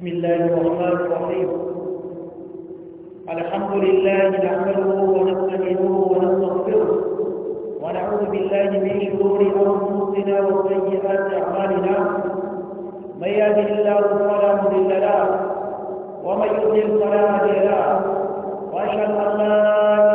بسم الله الرحمن الرحيم الحمد لله نحمده ونستعينه ونستغفره ونعوذ بالله من شرور انفسنا وسيئات اعمالنا من يهده الله فلا مضل له ومن يضلل فلا هادي له واشهد ان لا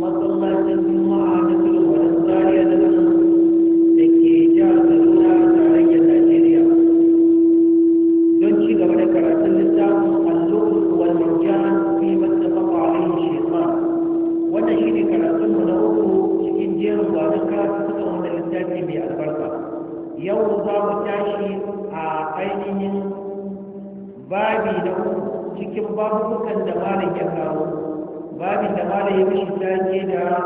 masallacin juma'a ya yi shi da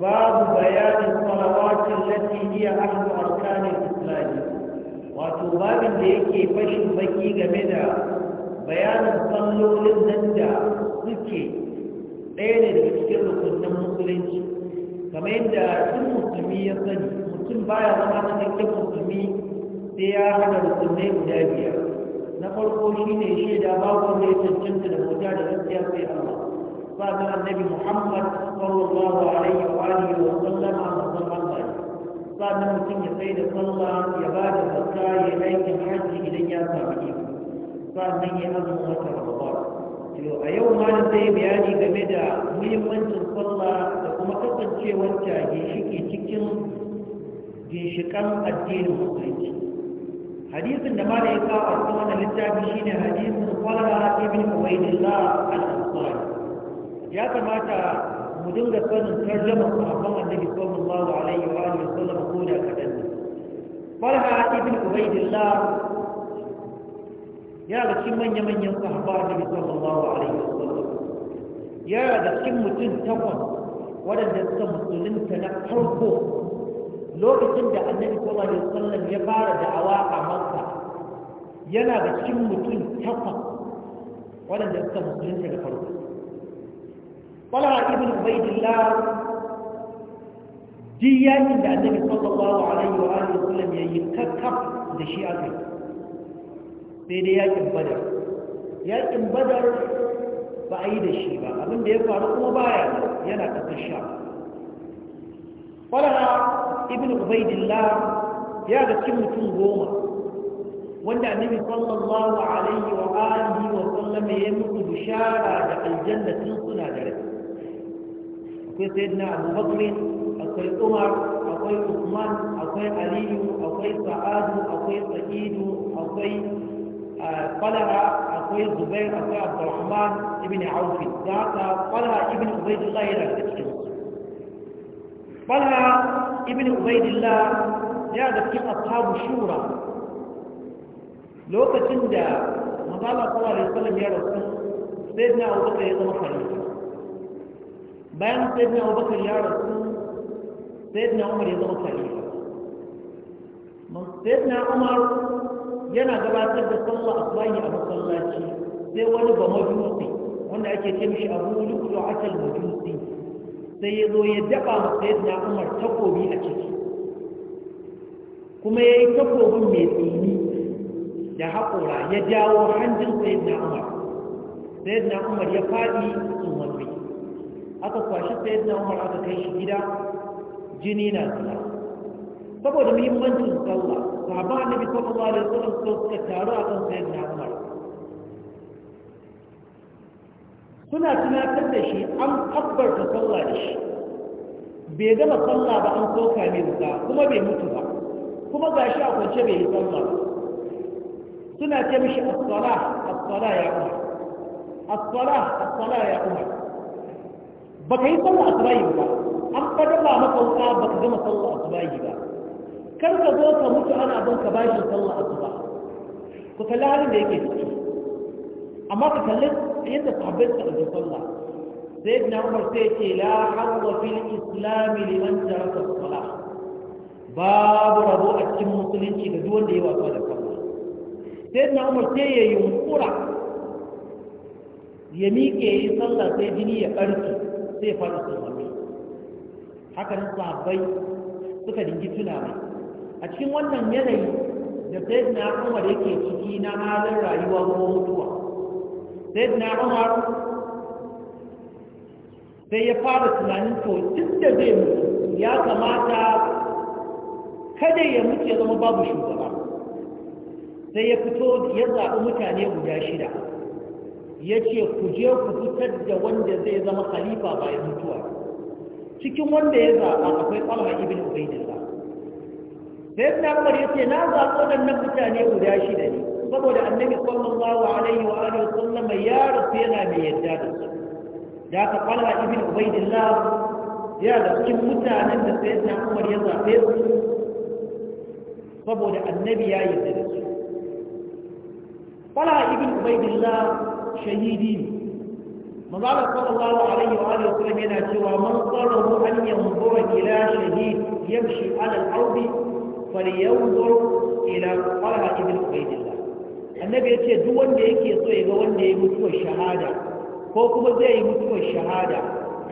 babu bayanin salawatun latin iya arzu a kanin islami wato babin da yake fashin baki game da bayanin tsallolin nan da suke ɗaya ne cikin rukunin musulunci kamar yadda tun musulmi ya sani mutum baya zama na cikin musulmi sai ya hada rukunai guda biyar na farko shine shaida babu wanda ya cancanta da mota da gaskiya sai Allah صلى النبي محمد صلى الله عليه وآله وسلم عن الله الله صلى الله عليه وسلم يباد الزكاة إليك الحج إلى جاسا عليك صلى الله عليه وسلم وكرة وطار إذا أيوم أنا سيب يعني بمدى مهم أنت صلى وما قصد شيء وانت جيشك يتكلم جيشك الدين المصري حديث النمال إيقاع أصلا للتابعين حديث صلى الله عليه وسلم الله ya kamata mu dinga sanin tarjama sahabban annabi sallallahu alaihi wa alihi wasallam ko da kadan ne falha ibn ubaidillah ya da cikin manya manyan sahabba annabi sallallahu alaihi wasallam ya da cikin mutum takwas waɗanda suka musulunta na farko lokacin da annabi sallallahu alaihi wasallam ya fara da'awa a makka yana da cikin mutum takwas waɗanda suka musulunta da farko طلع ابن عبيد الله ديان من النبي صلى الله عليه وآله وسلم يككب Sai سيدي ياكم بدر yakin badar ba a yi da shi ba abin da ya faru kuma baya yana ƙasar sha falaha ibn ubaidillah ya ga cikin mutum goma wanda annabi sallallahu alaihi wa alihi wa sallama ya mutu bishara da aljanna tun suna da rai akwai sayyidina abubakar akwai umar akwai usman akwai aliyu akwai sa'adu akwai sa'idu akwai طلحة أخوي الزبير أخوي عبد الرحمن ابن عوف ذاك طلحة ابن عبيد الله إلى الفتح طلحة ابن عبيد الله جاء في أصحاب الشورى لو كتن دا مطالع صلى الله عليه وسلم يا رسول سيدنا أبو بكر يا خليفة bayan sayyidina abubakar ya rasu sayyidina umar ya zama khalifa sayyidina umar yana gabatar da sallah asbahi a masallaci sai wani ba majusi wanda ake ce mishi abu lulu akal majusi sai ya zo ya daba ma sayyidina umar takobi a ciki kuma ya yi takobin mai tsini da haƙora ya jawo hanjin sayyidina umar sayyidina umar ya faɗi sun wani aka kwashi sayar da umar aka kai shi gida jini na zuwa saboda muhimmancin sallah sahaba annabi sallallahu alaihi wasallam so suka taru a kan sayar da umar suna tunatar da shi an ta sallah da shi bai gama sallah ba an soka mai wuta kuma bai mutu ba kuma ga shi a kwance bai yi sallah ba suna ce mishi as-salah ya umar as-salah ya umar baka yi sallah asbahi ba an ba maka ba baka gama sallah asbahi ba kar ka zo ka mutu ana abin ka bashin sallah asuba ku kalli halin da yake ciki amma ka kalli yadda sahabbai suka ɗauki sallah سيدنا Babu rabo a cikin musulunci الإسلام لمن ترك الصلاة باب ربو أتم مسلم شيء بدون دي وأقوال الصلاة سيدنا عمر yi sallah sai jini ya يقرك sai faru su zuwa haka nan sahabbai suka dingi tuna mai a cikin wannan yanayi da na Umar yake ciki na halin rayuwa ko mutuwa na Umar sai ya fara tunanin to duk da zai mutu ya kamata kada ya mutu ya zama babu shugaba sai ya fito ya zaɓi mutane guda shida ya ce ku je ku fitar da wanda zai zama khalifa bayan mutuwa cikin wanda ya zaɓa akwai ƙwalha ibn ubaidillah sai na umar ya ce na zaɓo waɗannan mutane guda shida ne saboda annabi sallallahu alaihi wa alihi wasallam ya rasu yana mai yadda da su da aka ƙwalha ibn ubaidillah ya da cikin mutanen da sai na umar ya zaɓe su saboda annabi ya yarda da su طلع ابن عبيد الله شهيدين مضالة صلى الله عليه وآله وسلم هنا سوى من طلبه أن ينظر إلى شهيد يمشي على الأرض فلينظر إلى طلع ابن عبيد الله annabi ya ce duk wanda yake so ya ga wanda ya mutuwar shahada ko kuma zai yi mutuwar shahada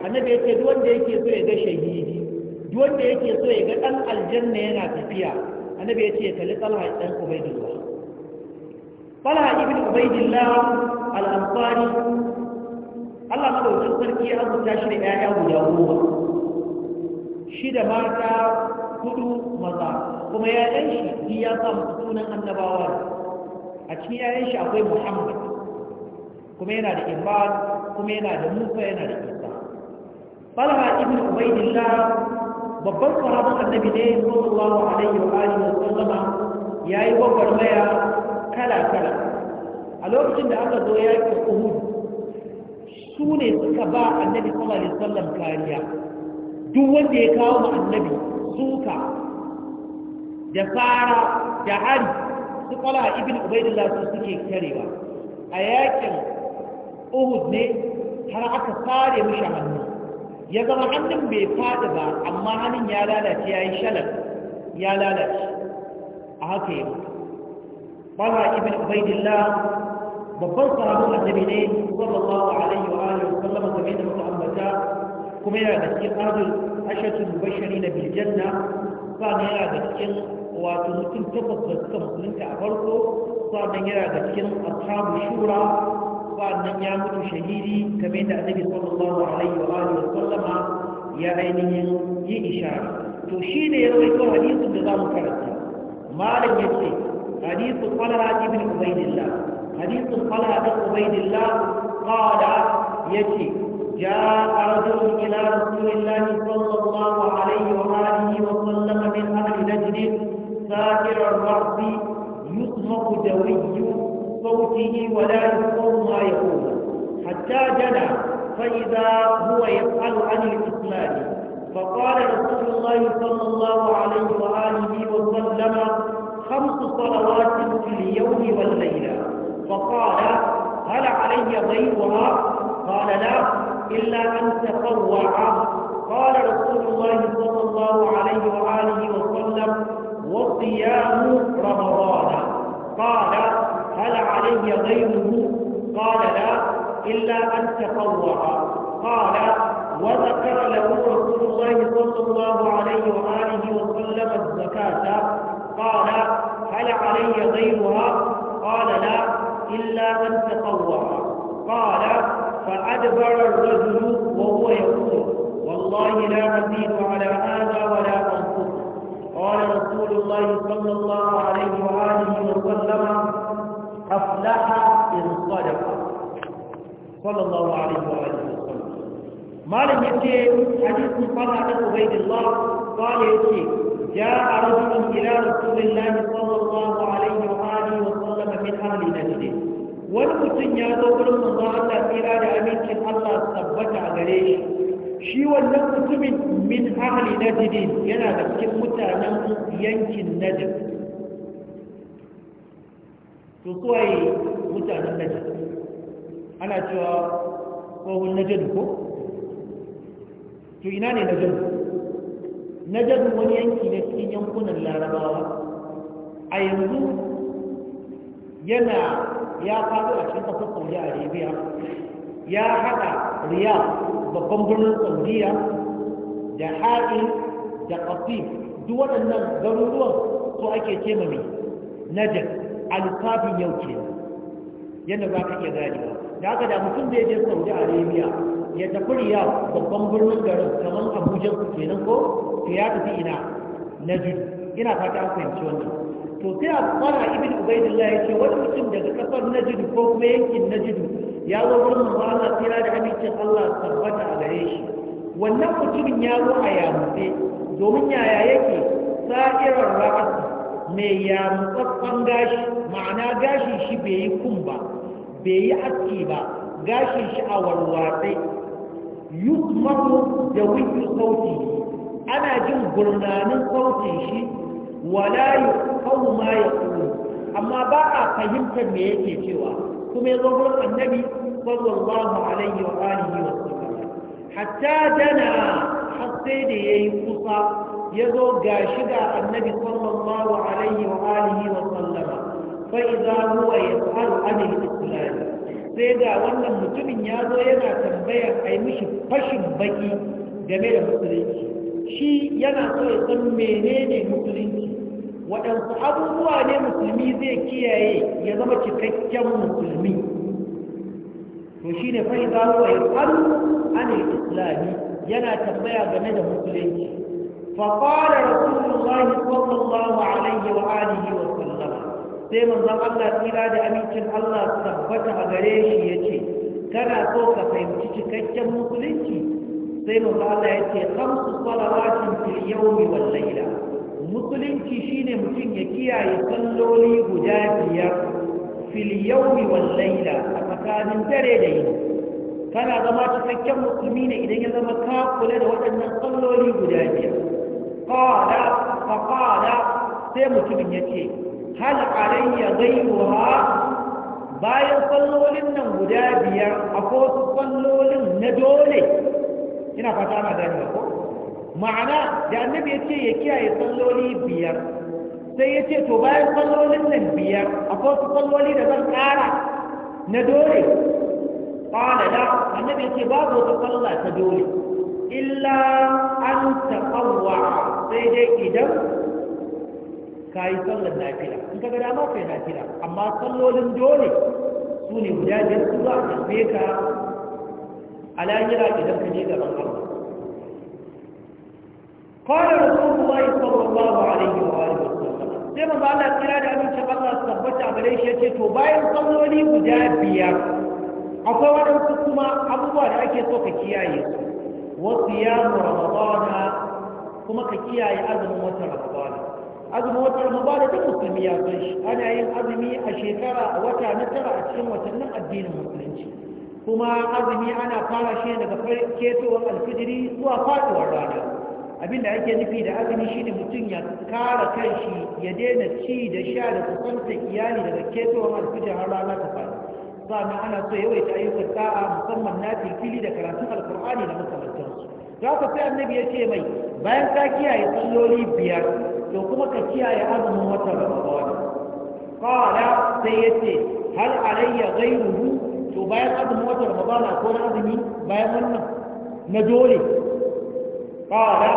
annabi ya ce duk wanda yake so ya ga shahidi duk wanda yake so ya ga dan aljanna yana tafiya annabi ya ce kalli talha dan ubaidullah falaha ibn ubaidillah al-ansari Allah ko sun sarki abu tashi da ƴaƴa guda goma shi da mata hudu maza kuma ya ɗan shi ya sa mu sunan a cikin ya ɗan shi akwai muhammad kuma yana da imbal kuma yana da musa yana da isa falaha ibn ubaidillah babban sahabban annabi ne sallallahu alaihi wa alihi wa sallama yayi gwagwarmaya kala-kala a lokacin da aka zo yaƙin uhud su ne suka ba annabi sallallahu alaihi kariya duk wanda ya kawo ma annabi suka da fara da hari su kwala ibn UbaidulLah su suke karewa a yaƙin uhud ne har aka fare mishi hannu ya zama hannun bai fada ba amma hannun ya lalace ya yi shalar ya lalace a haka yi bala ibn ubaidillah babban sahabi annabi ne sallallahu alaihi wa alihi sallam da bai da ambata kuma yana da cikin azul ashatu mubashirin bil janna sai yana da wato mutum takwas da suka musulunta a farko sannan yana da cikin ashabu shura sannan ya mutu shahidi kamar yadda annabi sallallahu alaihi wa alihi sallam ya ainihin ya rawaito hadisin da zamu karanta malam yace حديث طلحة بن عبيد الله حديث طلحة بن عبيد الله قال يجي جاء رجل إلى رسول الله صلى الله عليه وآله وسلم من أهل نجد ساكر الرأس يطلق دوي صوته ولا يذكر ما يقول حتى جنى فإذا هو يسأل عن الإسلام فقال رسول الله صلى الله عليه وآله وسلم خمس صلوات في اليوم والليلة فقال هل علي غيرها قال لا إلا أن تطوع قال رسول الله صلى الله عليه وآله وسلم وصيام رمضان قال هل علي غيره قال لا إلا أن تطوع قال وذكر له رسول الله صلى الله عليه وآله وسلم الزكاة قال هل علي غيرها قال لا إلا من تطوع قال فأدبر الرجل وهو يقول والله لا أزيد على هذا ولا أنقص قال رسول الله صلى الله عليه وآله وسلم أفلح إن صدق صلى الله عليه وآله malam yace hadisi fara da ubaidillah qala yace jaa rajulun ila rasulillah sallallahu alaihi na alihi wa sallam min ahli najd wani mutum ya zo gurin manzo Allah tsira da amincin Allah tabbata a gare shi shi wannan mutumin min ahli najd yana da cikin mutanen yankin najd to to ina ne najad najad wani yanki ne cikin yankunan larabawa a yanzu yana ya faɗo a cikin kafin saudi arabia ya haɗa riyal babban birnin saudiya da haɗin da ƙafi duk waɗannan garuruwan so ake ce mai najad alfabin yau ke yadda za ka iya gani da haka da mutum da ya je saudi arabia ya tafi riyad babban birnin garin kamar abuja kenan ko to ya tafi ina na ina fata an fahimci wannan to sai a fara ibn ubaidillah ya ce wani mutum daga kasar najd ko kuma yankin na najd ya zo wurin manzo Allah tira da amincin Allah tabbata a gare shi wannan mutumin ya zo a yamutse domin yaya yake sa'irar ra'as mai yamutsaffan gashi ma'ana gashi shi bai yi kun ba bai yi aski ba gashin shi a warwatsai yusmaru da wiki sauti ana jin gurnanin sautin shi wala yuqaw ma ya yaqulu amma ba a fahimtar me yake cewa kuma yazo gurin annabi sallallahu alaihi wa alihi wa sallam hatta dana har da ya yi kusa ya zo ga annabi sallallahu alaihi wa alihi wa sallama fa idza huwa yas'alu anil islam sai da wannan mutumin ya zo yana tambaya a yi mishi fashin baki game da musulunci shi yana so ya san menene musulunci waɗansu abubuwa ne musulmi zai kiyaye ya zama cikakken musulmi to shi ne fai za wa ya faru an islami yana tambaya game da musulunci faƙarar rasulullahi sallallahu alaihi wa alihi wa sallam sai manzon Allah tsira da amincin Allah su tabbata a gare shi ya ce kana so ka fahimci cikakken musulunci sai manzon Allah ya ce su salawatin fil yawmi wal layla musulunci shine mutum ya kiyaye salloli guda biyar fil yawmi wal layla a tsakanin dare da yini kana zama cikakken musulmi ne idan ya zama ka kula da waɗannan salloli guda biyar qala faqala sai mutumin ya ce hal alayya ghayruha bayan sallolin nan guda biyar akwai wasu sallolin na dole ina fata ana gani ko ma'ana da annabi ya ce ya kiyaye salloli biyar sai ya ce to bayan sallolin nan biyar akwai wasu salloli da zan kara na dole qala annabi ya ce babu wata sallah ta dole illa an taɓawa sai dai idan ka yi sallar nafila in ka ga dama kai nafila amma sallolin dole su ne guda biyar su za a tambaye ka a lahira idan ka je gaban Allah قال رسول الله صلى الله عليه وآله وسلم sai manzo Allah kira da amincin Allah su tabbata a gare shi ce to bayan salloli guda biyar akwai waɗansu kuma abubuwa da ake so ka kiyaye su wasu yamu ramadana kuma ka kiyaye azumin wata ramadana azumin watan ramadan da musulmi ya san shi ana yin azumi a shekara a wata na tara a cikin watannin addinin musulunci kuma azumi ana fara shi daga ketowar alfijiri zuwa faɗuwar rana abin da ake nufi da azumi shine mutum ya kara kanshi ya daina ci da sha da kusanta iyali daga ketowar alfijir har rana ta fara nan ana so yawaita ayyukan sa'a musamman na filfili da karatun alkur'ani a makamantansu za ka sai annabi ya ce mai bayan ka kiyaye salloli biyar to kuma ka kiyaye azumin watan ramadan qala sai yace hal alayya ghayruhu to bayan azumin watan ramadan ko na azumi bayan wannan na dole qala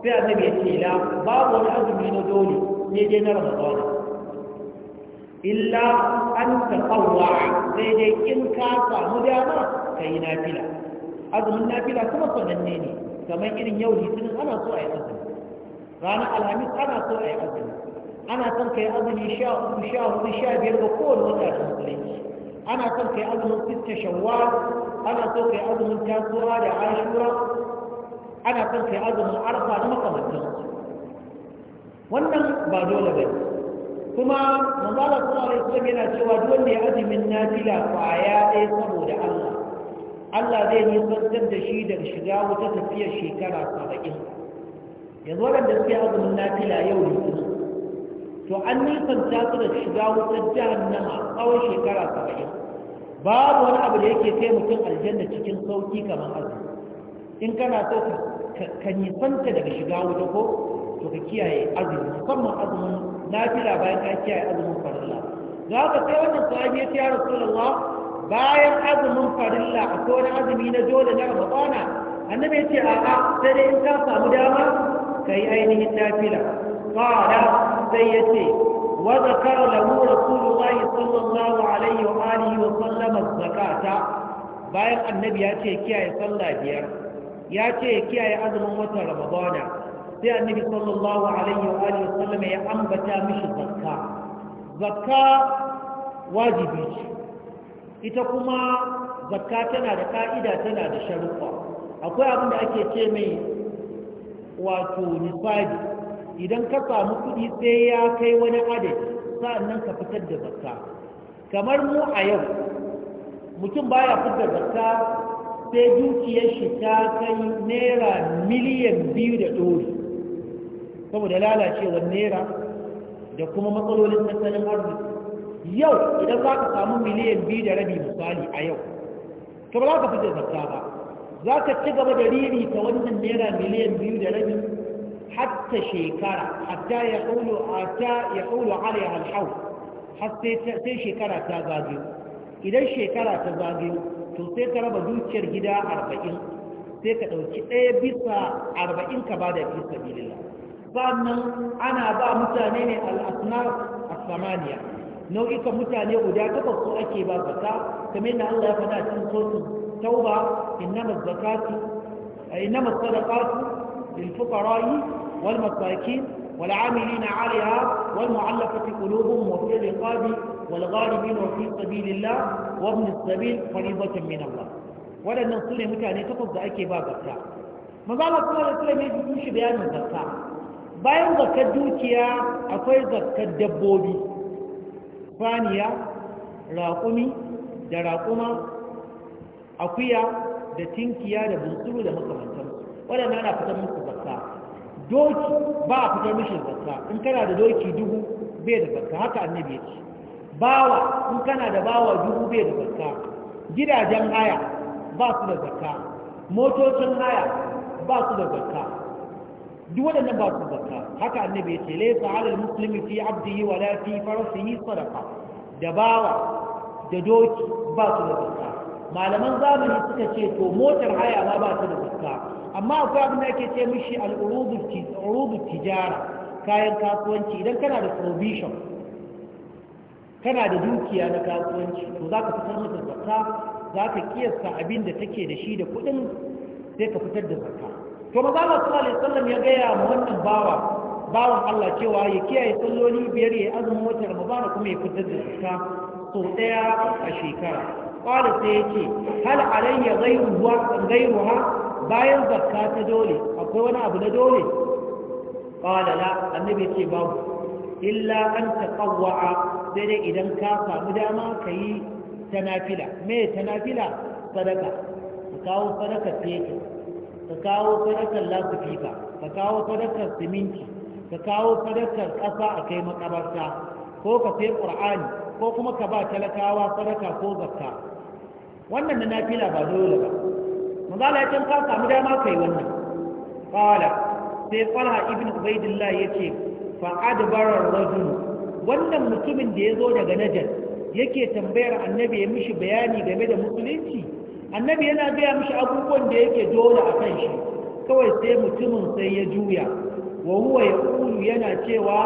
sai annabi yace la babu wani azumi na dole ne dai na ramadan illa an taqawwa sai dai in ka samu dama kai nafila azumin nafila kuma sananne ne kamar irin yau litinin ana so a yi azumi ranar alhamis ana so a yi azumi ana son ka yi azumi sha uku sha hudu sha biyar ga kowane wata da musulunci ana son ka yi azumin sitta shawwal ana son ka yi azumin tasura da ashura ana son ka yi azumin arfa da makamantan wannan ba dole ba kuma manzala sallallahu alaihi wasallam yana cewa duk wanda ya azumin nafila kwaya ɗaya saboda Allah Allah zai nisantar da shi daga shiga wata tafiyar shekara saba'in yanzu da suke azumin nafila yau da kuma to an nisanta su da shiga wutar jahannama tsawon shekara saba'in babu wani abu da yake kai mutum aljanna cikin sauki kamar azumi in kana so ka nisanta daga shiga wuta ko to ka kiyaye azumi musamman azumin nafila bayan ka kiyaye azumin farilla za ka sai wannan sahabi ya ce ya rasulullah bayan azumin farilla akwai wani azumi na dole na ramadana annabi ya ce a'a sai dai in ka samu dama yi ainihin nafila qala sai yace wa zakara lahu rasulullah sallallahu alaihi wa alihi wa sallam zakata bayan annabi ya ce kiyaye sallah biyar ya ce kiyaye azumin watan ramadana sai annabi sallallahu alaihi wa alihi wa sallam ya ambata mishi zakka zakka wajibi ce ita kuma zakka tana da ka'ida tana da sharuɗa akwai abin da ake ce mai wato Nifadi, idan ka samu kuɗi sai ya kai wani adadi sa'annan ka fitar da zakka kamar mu a yau mutum baya fitar zakka sai dukiyar shi ta kai naira miliyan biyu da ɗori saboda lalacewar naira da kuma matsalolin tattalin arziki yau idan za ka samu miliyan biyu da rabi misali a yau ka ba za ka fitar zakka ba za ka ci gaba da ririta wannan naira miliyan biyu da rabi hatta shekara hatta ya ƙulu hatta ya ƙulu alaiha alhau har sai shekara ta zagayo idan shekara ta zagayo to sai ka raba dukiyar gida arba'in sai ka ɗauki ɗaya bisa arba'in ka ba da fi sabilillah sannan ana ba mutane ne al'asnar as-samaniya nau'ikan mutane guda takwas ko ake ba zaka kamar yadda Allah ya faɗa cikin sosin التوبة إنما الزكاة إنما الصدقات للفقراء والمساكين والعاملين عليها والمعلقة قلوبهم وفي الرقاب والغالبين وفي سبيل الله وابن السبيل فريضة من الله waɗannan su mutane takwas da ake ba maza ba kuma da sulami ya shi bayanin bayan zakar dukiya akwai zakkar dabbobi faniya, raƙumi da raƙuma akuya da tinkiya da bunsuru da makamantar waɗanda ana fitar musu zarta doki ba a fitar mishi zarta in kana da doki dubu bai da zarta haka annabi ya ce bawa in kana da bawa dubu bai da zarta gidajen haya ba su da zarta motocin haya ba su da zarta duk waɗannan ba su zarta haka annabi ya ce laysa 'alal muslimi fi 'abdihi wala fi farasihi sadaqa da bawa da doki ba su da zarta malaman zamani suka ce to motar haya ma ba ta da fuska amma akwai abin da ake ce mishi al'urubu tijara kayan kasuwanci idan kana da provision kana da dukiya na kasuwanci to za ka fitar mata zakka za ka kiyasta abin da take da shi da kuɗin sai ka fitar da zakka to maza Allah sallallahu alaihi sallam ya gaya ma wannan bawa bawan Allah cewa ya kiyaye salloli biyar ya azumin motar Ramadan kuma ya fitar da zakka sau ɗaya a shekara qala sai yace hal alayya ghayruha ghayruha bayan zakka ta dole akwai wani abu na dole qala la annabi ce babu illa an taqawwa sai dai idan ka samu dama yi tanafila me tanafila sadaka ka kawo sadaka fete ka kawo sadakar lasifika ka kawo sadakar siminti ka kawo sadakar ƙasa a kai makabarta ko ka sai ƙur'ani ko kuma ka ba talakawa sadaka ko zakka wannan na nafila ba dole ba manzala ya ce mu dama kai wannan qala sai talha ibn ubaidillah yace fa adbara ar-rajul wannan mutumin da yazo daga najar yake tambayar annabi ya mishi bayani game da musulunci annabi yana gaya mishi abubuwan da yake dole a kan shi kawai sai mutumin sai ya juya wa huwa yaqulu yana cewa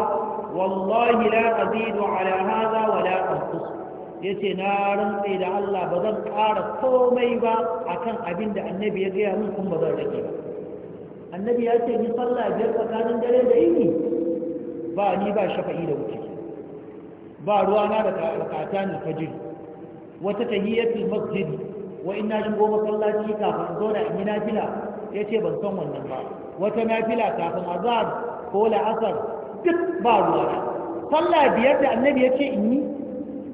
wallahi la azidu ala hadha wa la anqus Ya ce na rantse da Allah ba zan ƙara komai ba a kan abin da annabi ya gaya min kuma ba zan rage ba annabi ya ce ni sallah biyar tsakanin dare da yini ba ni ba shafa'i da wuce ba ruwa na da rakata ni fajir wata tahiyatul masjid wa in na shigo masallaci kafin zo da in yi nafila ce ban san wannan ba wata nafila kafin azhar ko la'asar duk ba ruwa sallah biyar da annabi ya ce in yi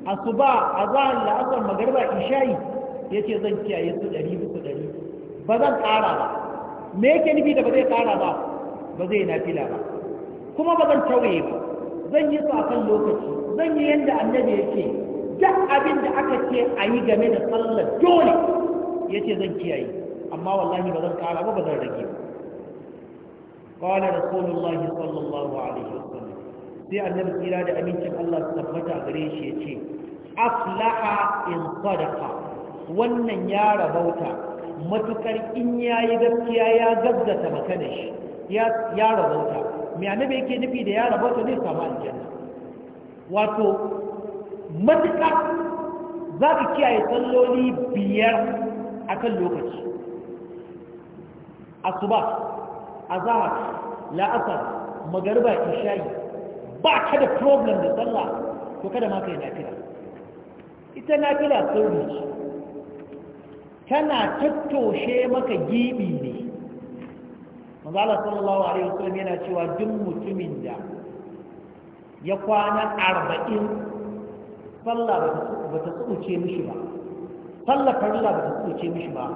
asuba azhar la'asar ishayi Ya ce zan kiyaye su ɗari bisa ɗari ba zan ƙara ba me yake nufi da ba zai ƙara ba ba zai nafila ba kuma ba zan tawaye ba zan yi su a kan lokaci zan yi yadda annabi ce duk abin da aka ce a yi game da sallar dole Ya ce zan kiyaye amma wallahi ba zan ƙara ba ba zan rage ba قال رسول الله صلى الله عليه وسلم sai annabi tsira da amincin Allah su tabbata gare shi ya ce aflaha in sadaqa wannan ya rabauta matukar in yayi gaskiya ya gaggata makana shi ya ya rabauta me annabi yake nufi da ya rabauta zai samu aljanna wato matukar za ka kiyaye salloli biyar akan lokaci asuba azhar la'asar magariba isha'i ba ka da problem da sallah to kada ma ka yi nafila ita nafila sauri tana tattoshe maka gibi ne mazala sallallahu alaihi wasallam yana cewa duk mutumin da ya kwana arba'in tsalla ba ta tsuce mishi ba tsalla farilla ba ta tsuce mishi ba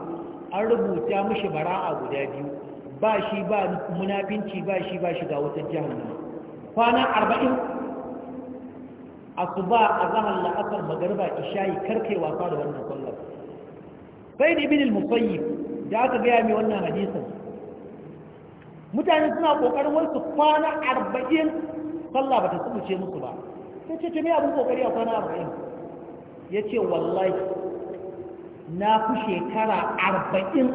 an rubuta mishi bara'a guda biyu ba shi ba munafinci ba shi ba shiga wata jihar kwana arba'in asuba azhar la'asar magriba isha'i karkai wasa da wannan sallar sai da ibn al-musayyib da aka gaya mai wannan hadisin mutane suna kokarin wasu kwana arba'in sallah bata tsubuce musu ba sai ce ce me abin kokari a kwana arba'in ya ce wallahi na fi shekara arba'in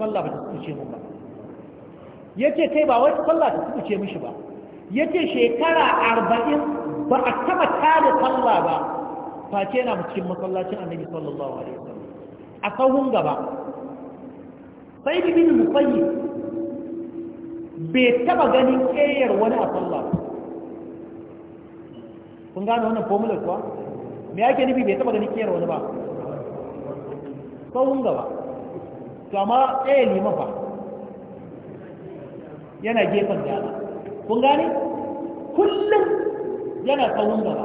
sallah bata tsubuce mu ba ya ce kai ba wasu sallah ta tsubuce mishi ba ya ce shekara arba'in ba a taba tare sallah ba face yana cikin masallacin annabi sallallahu alaihi wasallam a sahun gaba sai bibin musayyib bai taɓa ganin ƙeyar wani a sallah ba kun gane wannan formula kuwa me ake nufi bai taɓa ganin ƙeyar wani ba sahun gaba to amma ɗaya limafa yana gefen dama kun gane kullum yana tsawon gaba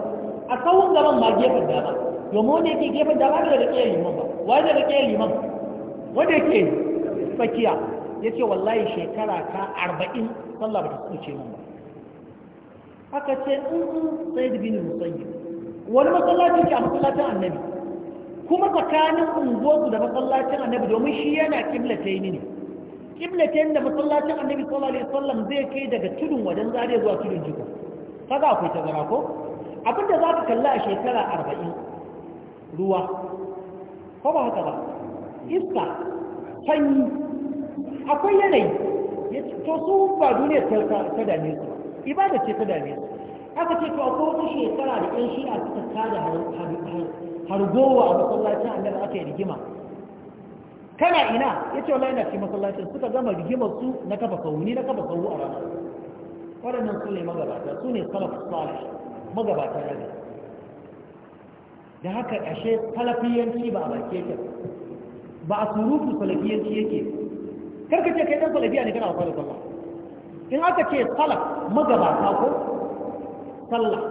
a tsawon gaban ma gefen dama domin wanda yake gefen dama da rike liman ba wai da rike liman wanda yake tsakiya ya ce wallahi shekara ta arba'in sallah ba ta kuce mun ba haka ce in mm, in mm, sai da binin musayi wani masallaci ce a masallacin annabi kuma tsakanin unguwarsu da masallacin annabi domin shi yana kibla ta yi ne kibla ta yadda masallacin annabi sallallahu alaihi wasallam zai kai daga tudun wajen zariya zuwa tudun jiko kaga akwai tazara ko abinda za ka kalla a shekara arba'in ruwa ko ba haka ba iska sanyi akwai yanayi ya to su ba duniya ta dame su ibada ce ta dame su aka ce to akwai wata shekara da yan shi'a suka tada hargowa a masallacin annabi aka yi rigima kana ina ya ce, wala yana cikin masallacin suka gama rigimar su na kafa sahu ni na kafa sahu a rana waɗannan su ne magabata su ne salaf salih magabata na gari da haka ashe salafiyanci ba a baki yake ba a surutu salafiyanci yake karka ce kai dan salafiya ne kana wasa da sallah in aka ce salaf magabata ko sallah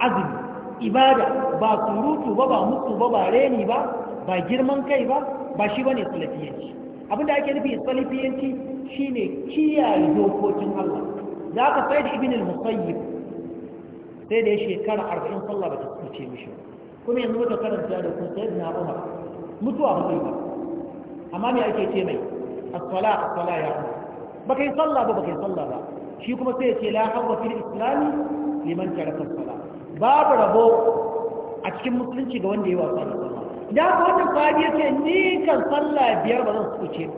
azumi ibada ba surutu ba ba mutu ba ba reni ba ba girman kai ba ba shi bane salafiyanci abinda ake nufi salafiyanci shine kiyaye dokokin Allah za ka sai da ibn al-musayyib sai da shekara 40 sallah ba ta kuce mishi kuma yanzu da karanta da kun sai na Umar mutuwa ba zai ba amma me ake ce mai as-sala as-sala ya Umar baka yi sallah ba baka yi sallah ba shi kuma sai ya ce la hawwa fil islam liman taraka as-sala babu rabo a cikin musulunci ga wanda ya wasa da sallah da ka wata fadi ya ce ni kan sallah biyar ba zan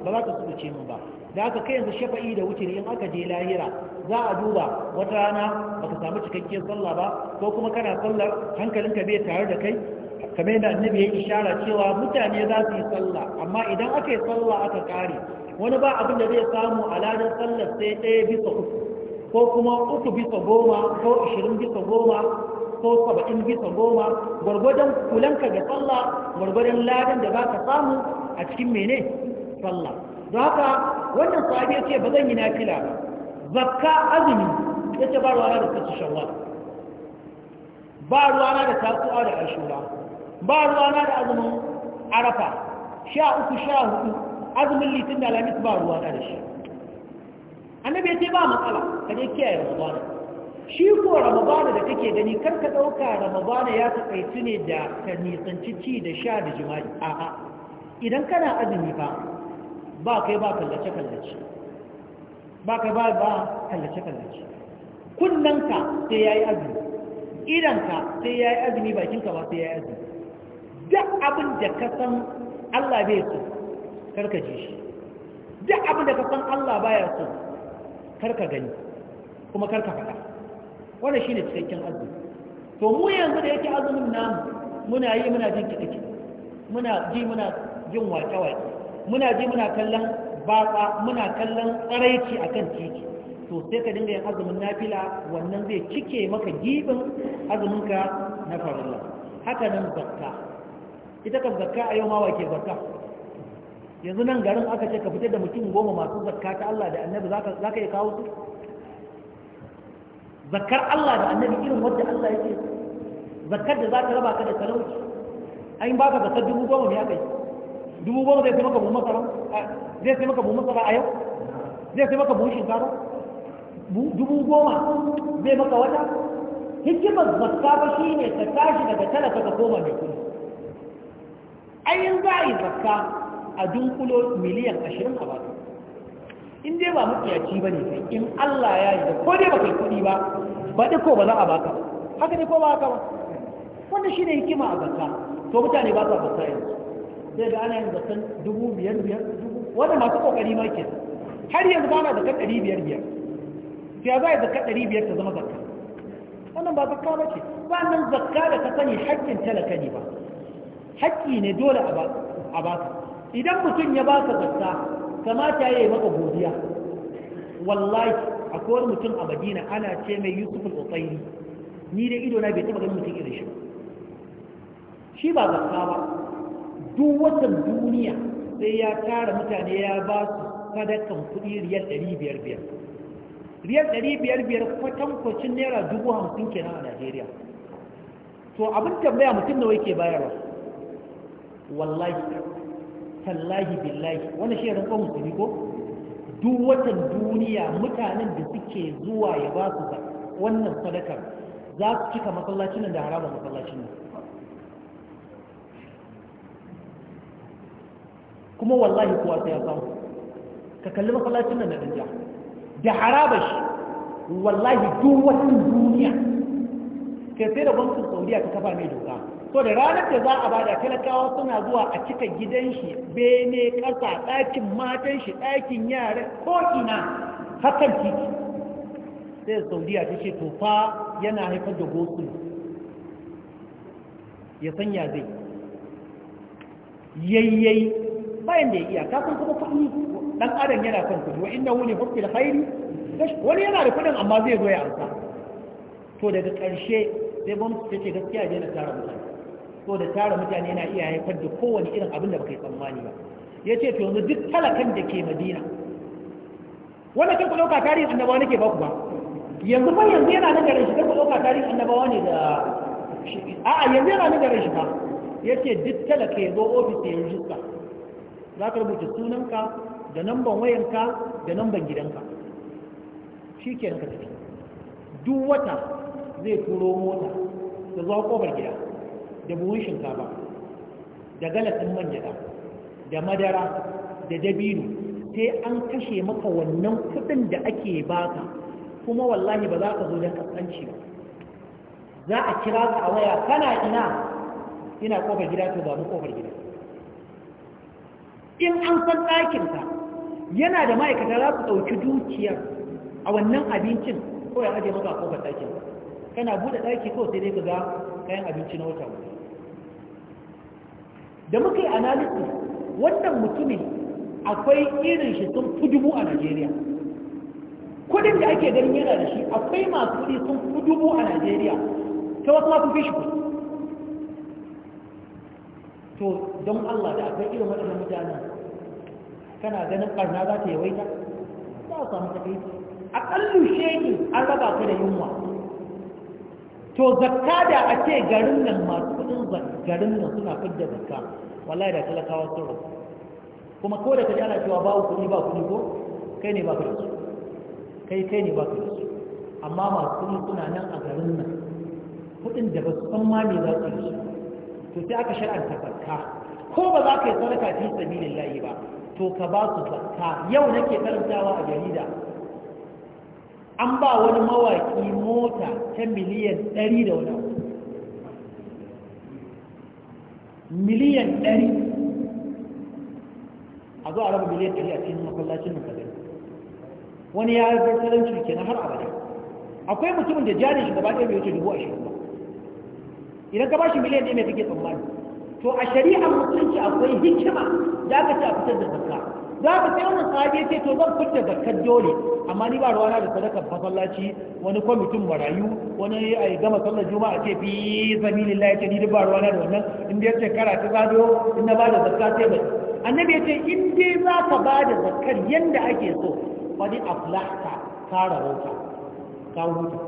ba za ka sukuce min ba da ka kai yanzu shafa'i da wuce in aka je lahira za a duba wata rana baka samu cikakkiyar sallah ba ko kuma kana sallar hankalinka bai tare da kai kamar yadda annabi ya ishara cewa mutane za su yi sallah amma idan aka yi sallah aka kare wani ba abin da zai samu a ladar sallar sai ɗaya bisa uku ko kuma uku bisa goma ko ashirin bisa goma ko saba'in bisa goma gwargwadon kulanka ga sallah gwargwadon ladan da za ka samu a cikin mene sallah don haka wannan sahabi ya ce ba zan yi fila ba zakka azumi ya ce ba ruwana da sassu shawa ba ruwana da tasuwa da ashura ba ruwana da azumin arafa sha uku sha hudu azumin litin da alamis ba ruwana da shi annabi ya ce ba matsala ka je kiyaye ruwana shi ko ramadana da kake gani kar ka ɗauka ramadana ya taƙaitu ne da ka nisanci ci da sha da jima'i a'a idan kana azumi ba ba kai ba kallace kallace ba kai ba ba kallace kallace ka sai yayi azumi idan ka sai yayi azumi bakinka ba sai yayi azumi duk abin da ka san Allah bai so karka ji shi duk abin da ka san Allah baya so karka gani kuma karka faɗa wannan shine cikakken azumi to mu yanzu da yake azumin namu muna yi muna jin kiɗe muna ji muna jin wake-wake muna ji muna kallon batsa muna kallon tsaraici akan titi to sai ka dinga yin azumin nafila wannan zai cike maka gibin ka na farilla haka nan zakka ita kan zakka a yau ma wake zakka yanzu nan garin aka ce ka fitar da mutum goma masu zakka ta Allah da annabi za ka iya kawo su zakar Allah da annabi irin wadda Allah yake zakar da za ka raba ka da talauci ai ba ka zakar dubu goma ne ya kai dubu goma zai sai maka buhu masara zai sai maka masara a yau zai sai maka buhu shinkafa dubu goma zai maka wata hikimar zakka ba shi ne ka tashi daga talaka ka koma mai kuɗi ai in za a yi zakka a dunkulo miliyan ashirin a baka in dai ba matsiyaci ba ne sai in Allah ya yi da ko dai ba kai kuɗi ba ba dai ko ba za a baka haka ne ko ba haka ba wanda shi ne hikima a zakka to mutane ba sa zakka yanzu Sai ga ana yin zakkan dubu biyar biyar wanda masu kokari ma ke har yanzu ba na zakka ɗari biyar biyar sai za a yi zakka ɗari biyar ta zama zakka wannan ba zakka ba ce ba nan zakka da ka sani haƙƙin talaka ne ba haƙƙi ne dole a baka idan mutum ya baka zakka kamata ya yi maka godiya wallahi akwai wani mutum a madina ana ce mai yusuf al-usairi ni dai ido na bai taba ganin mutum irin shi shi ba gaska ba duk watan duniya sai ya tara mutane ya ba su sadakan kuɗi riyal ɗari biyar biyar riyal ɗari biyar biyar kwatankwacin naira dubu hamsin kenan a najeriya to abin tambaya mutum nawa yake bayarwa wallahi tallahi billahi wanda shi rinƙon musulmi ko duk watan duniya mutanen da suke zuwa ya ba su wannan sadakar za su cika masallacin da haraba masallacin nan kuma wallahi kowa sai ya samu ka kalli masallacin nan na danja da haraba shi wallahi duk watan duniya kai sai da bankin saudiya ka kafa mai doka to da ranar da za a bada talakawa suna zuwa a cika gidan shi bene ƙasa ɗakin matan shi ɗakin yare ko ina hakan titi sai saudiya ta ce to fa yana haifar da gosu ya sanya zai yayyai bayan da ya iya kafin kuma kuɗi ɗan adam yana kan kuɗi wa inda wuni fafi da hairi wani yana da kuɗin amma zai zo ya amsa to daga ƙarshe sai bamu ta ce gaskiya daina tara mutane so da tara mutane yana iya haifar da kowane irin abin da baka yi tsammani ba ya ce to yanzu duk talakan da ke madina wanda kan ku ɗauka tarihin annabawa nake ba ku ba yanzu fa yanzu yana nan garin shi kan ku ɗauka tarihin annabawa ne da a'a yanzu yana nan garin shi ba ya ce duk talaka ya zo ofis ya yi za ka rubuta sunanka da namban wayanka da namban gidanka shi ke ka tafi duk wata zai turo mota da zuwa kofar gida da buhun shinkafa da galatin manjada da madara da dabino sai an kashe maka wannan kudin da ake baka kuma wallahi ba za ka zo don kasance ba za a kira ka a waya kana ina ina kofar gida to ba mu kofar gida in an san ɗakinka yana da ma'aikata za su ɗauki dukiyar a wannan abincin ko ya aje maka a kofar ɗakinka. kana buɗe ɗaki ko sai dai ka ga kayan abinci na wata wata da muka yi analisi wannan mutumin akwai irin shi sun fi dubu a Najeriya kudin da ake ganin yana da shi akwai masu kudi sun fi dubu a Najeriya ta wasu ma fi shi kudi to don Allah da akwai irin waɗannan mutanen kana ganin ƙarna za ta yawaita za a samu A aƙallu shehi an raba ka da yunwa to zakka da a ce garin nan masu kudin garin nan suna fidda zakka wallahi da talakawa sun rasu kuma ko da ka ana cewa ku kuɗi ba kuɗi ko kai ne ba ka da su kai kai ne ba ka da su amma masu kuɗi suna nan a garin nan kuɗin da ba su san ma me za su yi to sai aka shar'anta zakka ko ba za ka yi sadaka fi sabilillahi ba to ka ba su zakka yau nake karantawa a jarida an ba wani mawaki mota ta miliyan ɗari da wani miliyan ɗari a zuwa raba miliyan ɗari a cikin makwallacin nan wani ya yi zartaranci na har abada akwai mutumin da jari shi gaba ɗaya mai wuce dubu ashirin ba idan ka ba shi miliyan ɗaya mai kake tsammani to a shari'ar mutunci akwai hikima ya aka ce a fitar da zakka za ka sai wannan sahabi ce to zan fitta zakkar dole amma ni ba ruwana da sadakar masallaci wani kwamitin marayu wani a gama sallar juma'a ce fi sabilillah yace ni ba ruwana da wannan in da yace kara ta zado in na ba bada zakka sai ba annabi ya ce in dai za ka bada zakkar yanda ake so fadi aflahta ka rauta ka huta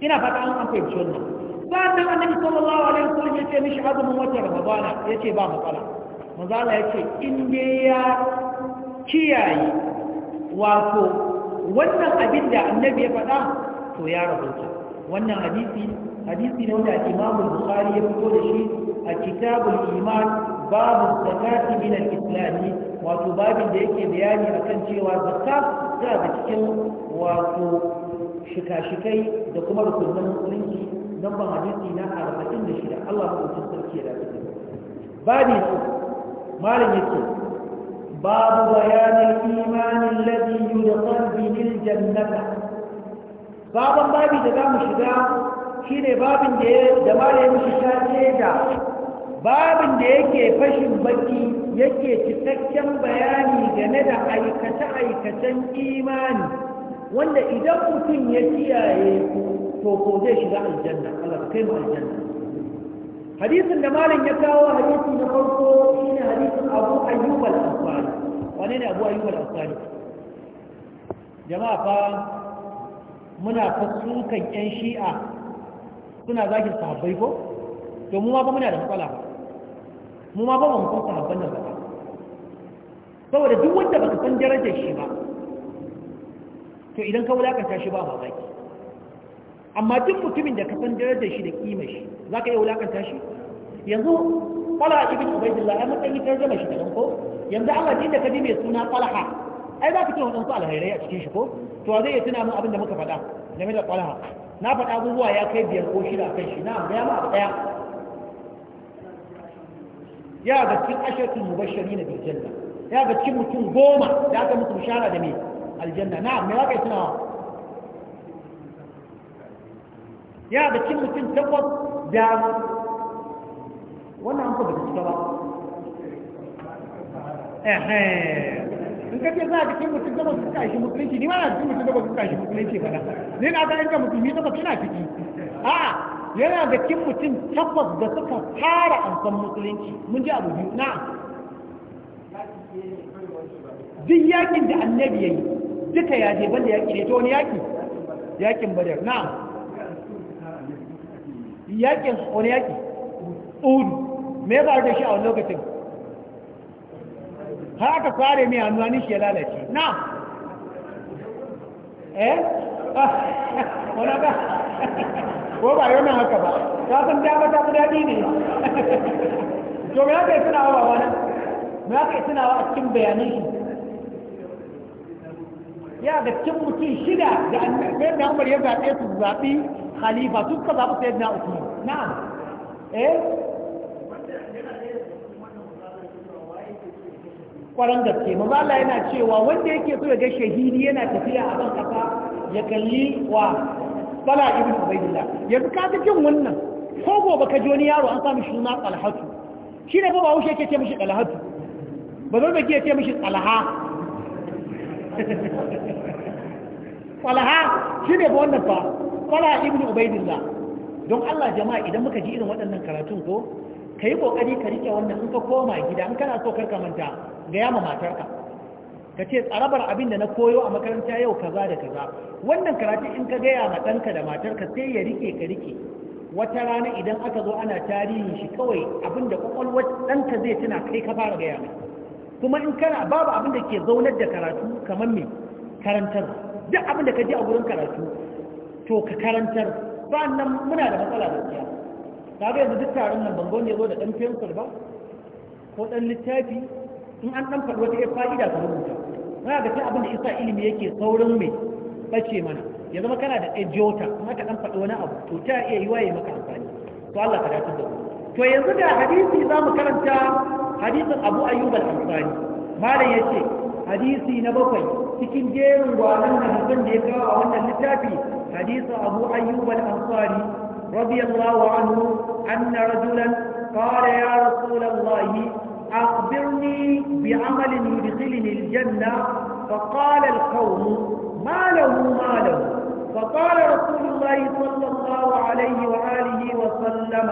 ina fata an fahimci wannan sannan annabi sallallahu alaihi wasallam yace mishi azumin watan ramadana yace ba matsala manzo ya ce in dai ya kiyaye wato wannan abin da annabi ya faɗa to ya rahoto wannan hadisi hadisi ne wanda imamu bukhari ya fito da shi a kitabul iman babu zakati min al-islami wato babin da yake bayani akan cewa zakka ta da cikin wato shika-shikai da kuma rukunin musulunci nan ban hadisi na arba'in da shida Allah ya sarki ya dace babi malam yake باب بيان الإيمان الذي يدخل به الجنة باب باب da zamu shiga shine babin da ya da malamin shi ta babin da yake fashin baki yake cikakken bayani game da aikace aikacen imani wanda idan mutum ya kiyaye to ko shiga aljanna hadisin da malam ya kawo hadisi na farko shine hadisin abu ayyubal al-ansari wane ne abu ayyubal al-ansari jama'a fa muna fasukan yan shi'a suna zagin sahabbai ko to mu ma ba muna da matsala ba mu ma ba mu san sahabban nan ba saboda duk wanda baka san darajar shi ba to idan ka wulakanta shi ba mamaki amma duk mutumin da ka san darajar shi da kimar shi za ka iya wulakanta shi yanzu talha ibn ubaidillah ya matsayin tarjama shi kadan ko yanzu Allah din da ka ji mai suna talha ai za ka ce wadansu alhairai a cikin shi ko to zai iya tuna mun abin da muka faɗa game da talha na faɗa abubuwa ya kai biyar ko shida kan shi na gaya ma abu ɗaya ya ga cikin ashirin mubashari na birjanna ya ga cikin mutum goma da aka mutu bishara da mai aljanna na mai za ka yi tunawa ya da cin mutum takwas da wannan an ba ta cika ba in ka ce za a cin mutum takwas ka shi musulunci ni ma na cin mutum takwas ka shi musulunci ba ne na ga yanka musulmi takwas yana ciki a'a yana da cin mutum takwas da suka fara amsan musulunci mun ji abu biyu na duk yakin da annabi ya duka ya je banda yaki ne to wani yaki yakin bada na yakin wani yaki udu me faru da shi a wani lokacin har aka kware mai hannu wani shi ya lalace na eh ah, wani ba ko ba yau nan haka ba ta san dama ta daɗi ne to me haka yi tunawa ba wani me haka yi tunawa a cikin bayanin shi ya da cikin mutum shida da annabi da umar ya zaɓe su zaɓi khalifa suka zaɓi sayyidina usman na eh kwaran gaske mazala yana cewa wanda yake so ya ga shahidi yana tafiya a kan kasa ya kalli wa bala ibn ubaidillah yanzu ka ga jin wannan ko gobe ka ji wani yaro an samu suna talhatu shi ne ba wuce yake ce mishi talhatu ba zo bai ce mishi talha talha shi ne ba wannan fa Tala ibn Ubaidillah don Allah jama'a idan muka ji irin waɗannan karatun ko ka yi ƙoƙari ka rike wannan in ka koma gida in kana so karka manta ga yama matarka ka ce tsarabar abin da na koyo a makaranta yau kaza da kaza wannan karatun in ka gaya ma ɗanka da matarka sai ya rike ka rike wata rana idan aka zo ana tarihin shi kawai abin da ƙwaƙwalwar ɗanka zai tuna kai ka fara gaya mai kuma in kana babu abin da ke zaunar da karatu kamar mai karantar duk abin da ka ji a wurin karatu to ka karantar Ba nan muna da matsala gaskiya ta ga yanzu duk taron nan bangon ya zo da ɗan fensir ba ko ɗan littafi in an ɗan faɗi wata ya fa'ida ka rubuta muna ga abin da isa ilimi yake saurin mai ɓace mana ya zama kana da ejota in aka ɗan faɗi wani abu to ta iya yi waye maka amfani to Allah ka dace da to yanzu da hadisi za mu karanta hadisin Abu Ayyub al-Ansari malam yace hadisi na bakwai cikin jerin gwanan hadisan da ya kawo a wannan littafi hadisin abu ayyub al-ansari radiyallahu anhu anna rajulan qala ya rasulallahi أخبرني بعمل يدخلني الجنة فقال القوم ما له ما له فقال رسول الله صلى الله عليه وآله وسلم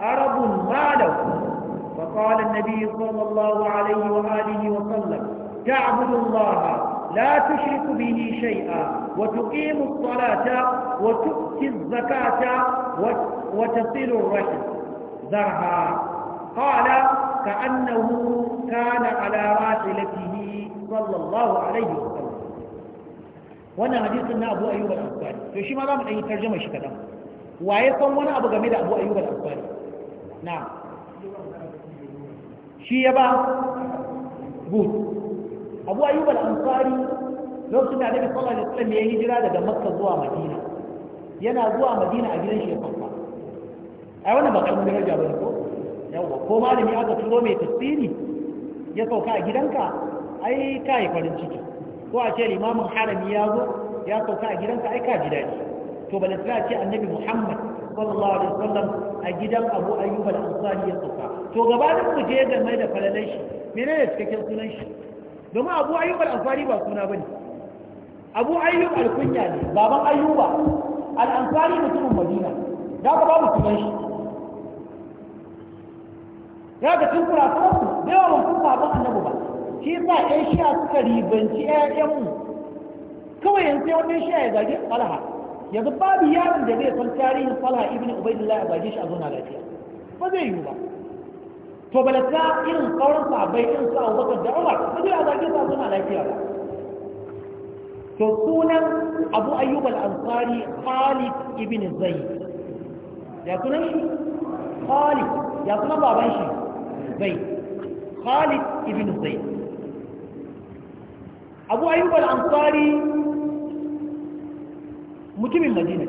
عرب ما له فقال النبي صلى الله عليه وآله وسلم تعبد الله لا تشرك به شيئا وتقيم الصلاة وتؤتي الزكاة وتصل الرحم ذرها قال كأنه كان على راحلته صلى الله عليه وسلم wannan hadisin na Abu to shi ma za mu dan yi shi kadan waye san wani abu game da Abu Ayyub da ansari na shi ya ba but abu ayyub al-ansari lokacin da annabi sallallahu alaihi wasallam ya hijira daga makka zuwa madina yana zuwa madina a gidan shi kafa ai wannan ba karamin daraja bane ko yawa ko malami aka turo mai tafsiri ya sauka a gidanka ai ka yi farin ciki ko a ce limamin harami ya zo ya sauka a gidanka ai ka ji daɗi to balantana ce annabi muhammad sallallahu alaihi wasallam a gidan abu ayyub al-ansari ya sauka to gabanin mu je da mai da falalan shi menene cikakken sunan shi domin abu ayyub al-ansari ba suna bane abu ayyub al-kunya ne baban ayyuba al-ansari mutumin madina da ka babu sunan shi ya ga tun kura kuma su da yawa mutum kuma ban annabi ba shi yasa ɗan shi'a suka ribanci ƴaƴanmu kawai yanzu sai wannan shi'a ya zage talha yanzu babu yaron da zai san tarihin talha ibn ubaidillah ya zage shi a zona lafiya ba zai yiwu ba to balaka irin sauran sahabbai irin su Abubakar da Umar kaje a zage sa suna lafiya ba to sunan Abu Ayyub al-Ansari Khalid ibn Zaid ya sunan shi Khalid ya sunan baban shi Zaid Khalid ibn Zaid Abu Ayyub al-Ansari mutumin Madina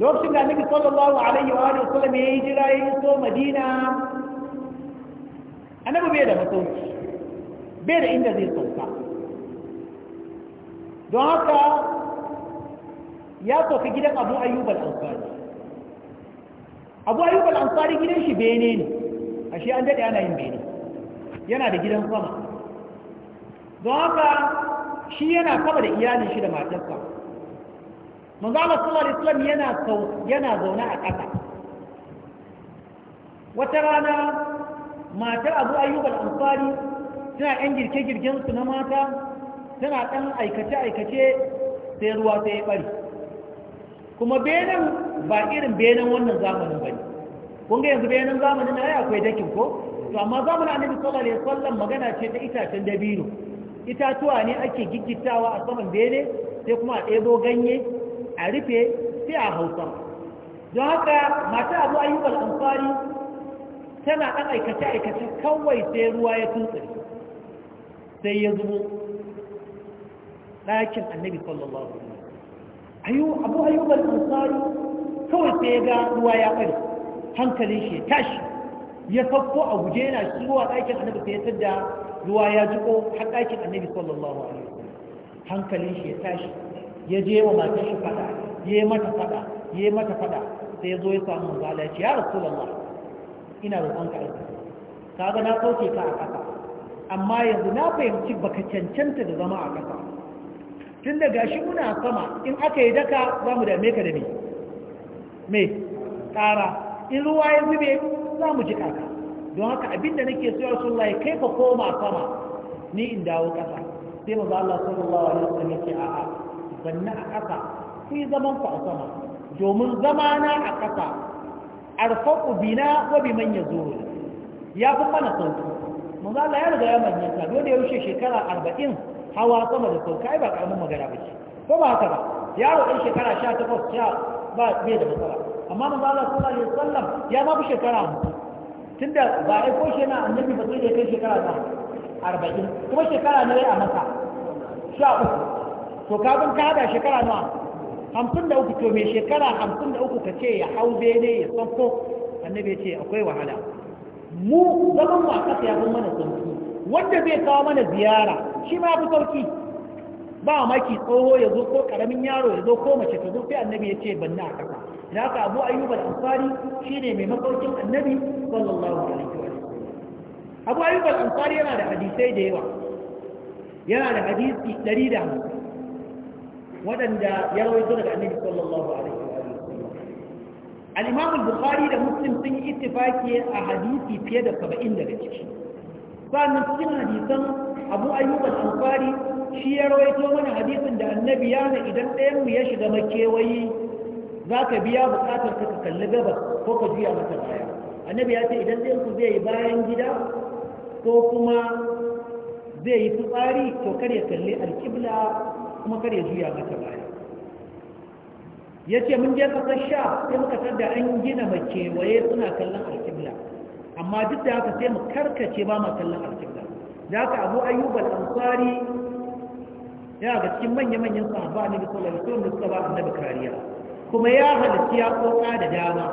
lokacin da Annabi sallallahu alaihi wa sallam ya hijira ya so Madina annabi bai da masauki bai da inda zai sauka don haka ya sauka gidan abu ayyub ansari abu ayyub ansari gidan shi bene ne ashe an daɗe ana yin bene yana da gidan sama don haka shi yana kama da iyalin shi da matarsa manzo sallar islam yana yana zaune a ƙasa wata rana matar abu ayyukan amfani tana ɗan girke-girken su na mata tana ɗan aikace-aikace sai ruwa sai ɓari kuma benin ba irin benen wannan zamanin ba ne kunga yanzu benen zamanin na akwai dakin ko to amma zamanin annabi sallallahu alaihi wasallam magana ce ta itacen dabino itatuwa ne ake giggitawa a saman bene sai kuma a ɗebo ganye a rufe sai a hausa don haka mata abu ayyukan amfani tana ɗan aikace aikace kawai sai ruwa ya tutsiri sai ya zubo ɗakin annabi sallallahu alaihi wasallam abu ayyuban ansari kawai sai ya ga ruwa ya bari hankalin shi tashi ya fakko a guje yana shigowa ɗakin annabi sai ya tada ruwa ya jiko har ɗakin annabi sallallahu alaihi wasallam hankalin shi ya tashi ya je wa matan shi fada ya yi mata fada ya yi mata fada sai ya zo ya samu manzo Allah ya ce ya rasulullah ina roƙon ka kaga na sauke ka a ƙasa amma yanzu na fahimci baka cancanta da zama a ƙasa tun da gashi muna sama in aka yi daka za mu dame ka da ne me ƙara in ruwa ya zube za mu ji ƙasa don haka abinda nake so ya sun laye kai ka koma sama ni in dawo ƙasa sai maza Allah sallallahu alaihi wasallam yake a'a banna a ƙasa ku yi zaman ku a sama domin zama na a ƙasa arfaku bina wa biman yazuru ya fi mana sauki manzo ya riga ya manyanta dole ya rushe shekara 40 hawa sama da sauka ai ba karamin magana ba ce ko ba haka ba yaro ɗan shekara 18 sha ba bai da matsala amma manzo sun sallallahu alaihi wasallam ya ma fi shekara 50 tunda ba ai ko shi na annabi ba zai da kai shekara ta 40 kuma shekara ne a masa 13 to kafin ka hada shekara nawa hamsin da uku to mai shekara hamsin da uku ka ce ya hau bene ya sauko annabi ce akwai wahala mu zaman mu a ƙasa ya zama mana sauki wanda zai kawo mana ziyara shi ma fi sauki ba maki tsoho ya zo ko karamin yaro ya zo ko mace ta zo sai annabi ya ce banna a kasa da haka abu ayyub al-ansari shine mai mafarkin annabi sallallahu alaihi wa abu ayyub al amfani yana da hadisai da yawa yana da hadisi ɗari da hamsin. waɗanda ya rawaito daga annabi sallallahu alaihi wa al-imam al-bukhari da muslim sun yi ittifaki a hadisi fiye da 70 daga ciki sannan cikin hadisan abu ayyub al shi ya rawaito mana hadisin da annabi ya na idan ɗayan mu ya shiga makewayi za ka biya bukatar ka kalli gabas ko ka juya mata baya annabi ya ce idan ɗayan ku zai yi bayan gida ko kuma zai yi fitsari to kar ya kalli alkibla kuma kar ya juya mata baya ya ce mun je kasar sha sai muka tada an gina mace waye suna kallon alkibla amma duk da haka sai mu karkace ba ma kallon alkibla da haka abu ayyub al-ansari yana ga cikin manya-manyan sahaba ne da sallallahu alaihi suka ba annabi kariya kuma ya halitta ya koka da dama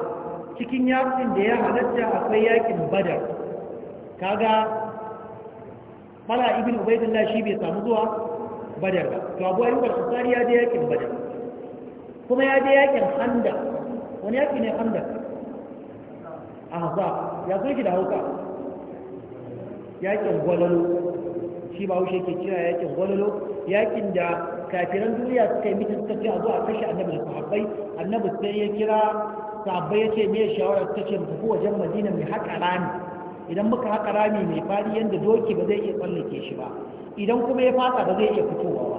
cikin yakin da ya halitta akwai yakin badar kaga bala ibn ubaidillah shi bai samu zuwa badar ba to abu ayyuka al tsari ya je yakin badar kuma ya je yakin handa wani yaki ne handa a ahza ya so ki da hauka yakin gwalalo shi ba haushe ke kira yakin gwalalo yakin da kafiran duniya suka yi mita suka ce a zo a kashe annabi da sahabbai annabi sai ya kira sahabbai ya ce me shawara ta ce mu tafi wajen madina mai haƙa rami idan muka haƙa rami mai fadi yadda doki ba zai iya tsallake shi ba idan kuma ya fata ba zai iya fitowa ba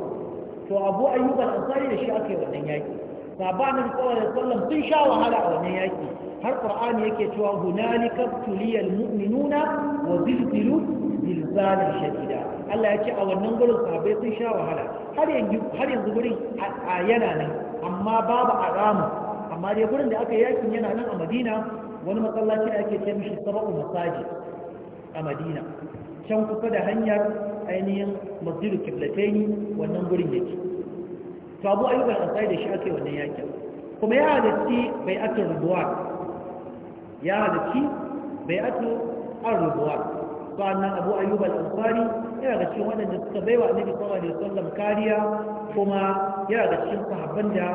to abu ayyukan ansari da shi aka yi wannan yaki sabanin kawai da sallam sun sha wahala a wannan yaki har qur'ani yake cewa hunalika tuliyal mu'minuna wa zilzilu zilzalan shadida Allah ya ce a wannan gurin sahabbai sun sha wahala har yanzu har yanzu gurin a yana nan amma babu aramu amma dai gurin da aka yaki yana nan a Madina wani masallaci ake ce mishi sabau masajid a Madina can kusa da hanyar ainihin masjidu kiblataini wannan gurin yake to abu ayyukan ansari da shi ake wannan yakin kuma ya halitti bai ake rubuwa ya halitti bai ake an rubuwa sannan abu ayyub al-ansari yana ga cikin waɗanda suka baiwa annabi sallallahu alaihi wasallam kariya kuma yana ga cikin sahabban da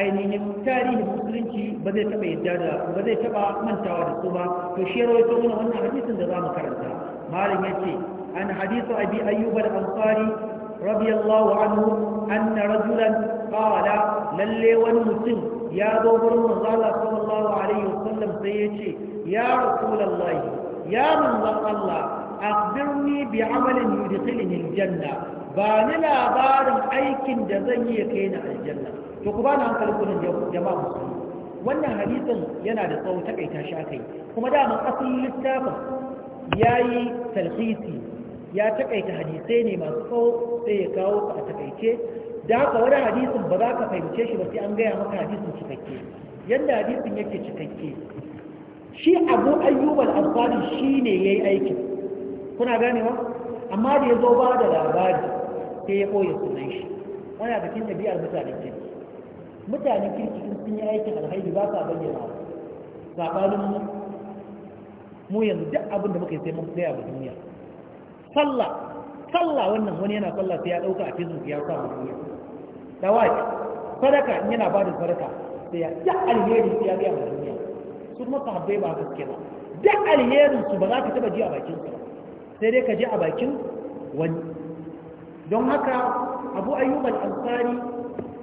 ainihin tarihin musulunci ba zai taɓa yadda da ba zai taɓa mantawa da su ba to shi ya rawaito mana wannan hadisin da za mu karanta malam ya ce عن حديث أبي أيوب الأنصاري رضي الله عنه أن رجلا قال للي ونمسن يا دوبر مغالا صلى الله عليه وسلم سيئتي يا رسول الله يا من الله أخبرني بعمل يدخلني الجنة bani labarin aikin da zan yi kai na aljanna to ku bani hankali ku nan jama'a musulmi wannan hadisin yana da tsawo takaita shi akai kuma da mun asalin littafin yayi talhisi ya takaita hadisai ne masu tsawo sai ya kawo a takaice da haka wani hadisin ba za ka fahimce shi ba sai an gaya maka hadisin cikakke yadda hadisin yake cikakke shi abu ayyubal al shi ne ya yi aikin kuna ganewa amma da ya zo ba da labari sai ya koya sunan shi wani bikin ɗabi'ar mutanen kirki mutanen kirki in sun yi aikin alhaji ba sa bayyana saɓanin mu yanzu duk abin da muka yi sai mun tsaya wa duniya sallah sallah wannan wani yana sallah sai ya dauka a facebook ya sa mutum da wace sadaka in yana bada sadaka sai ya da alheri sai ya ga mu duniya su kuma sahabbai ba gaske ba da alherin su ba za ka taba ji a bakin su sai dai ka ji a bakin wani don haka abu ayyub al-ansari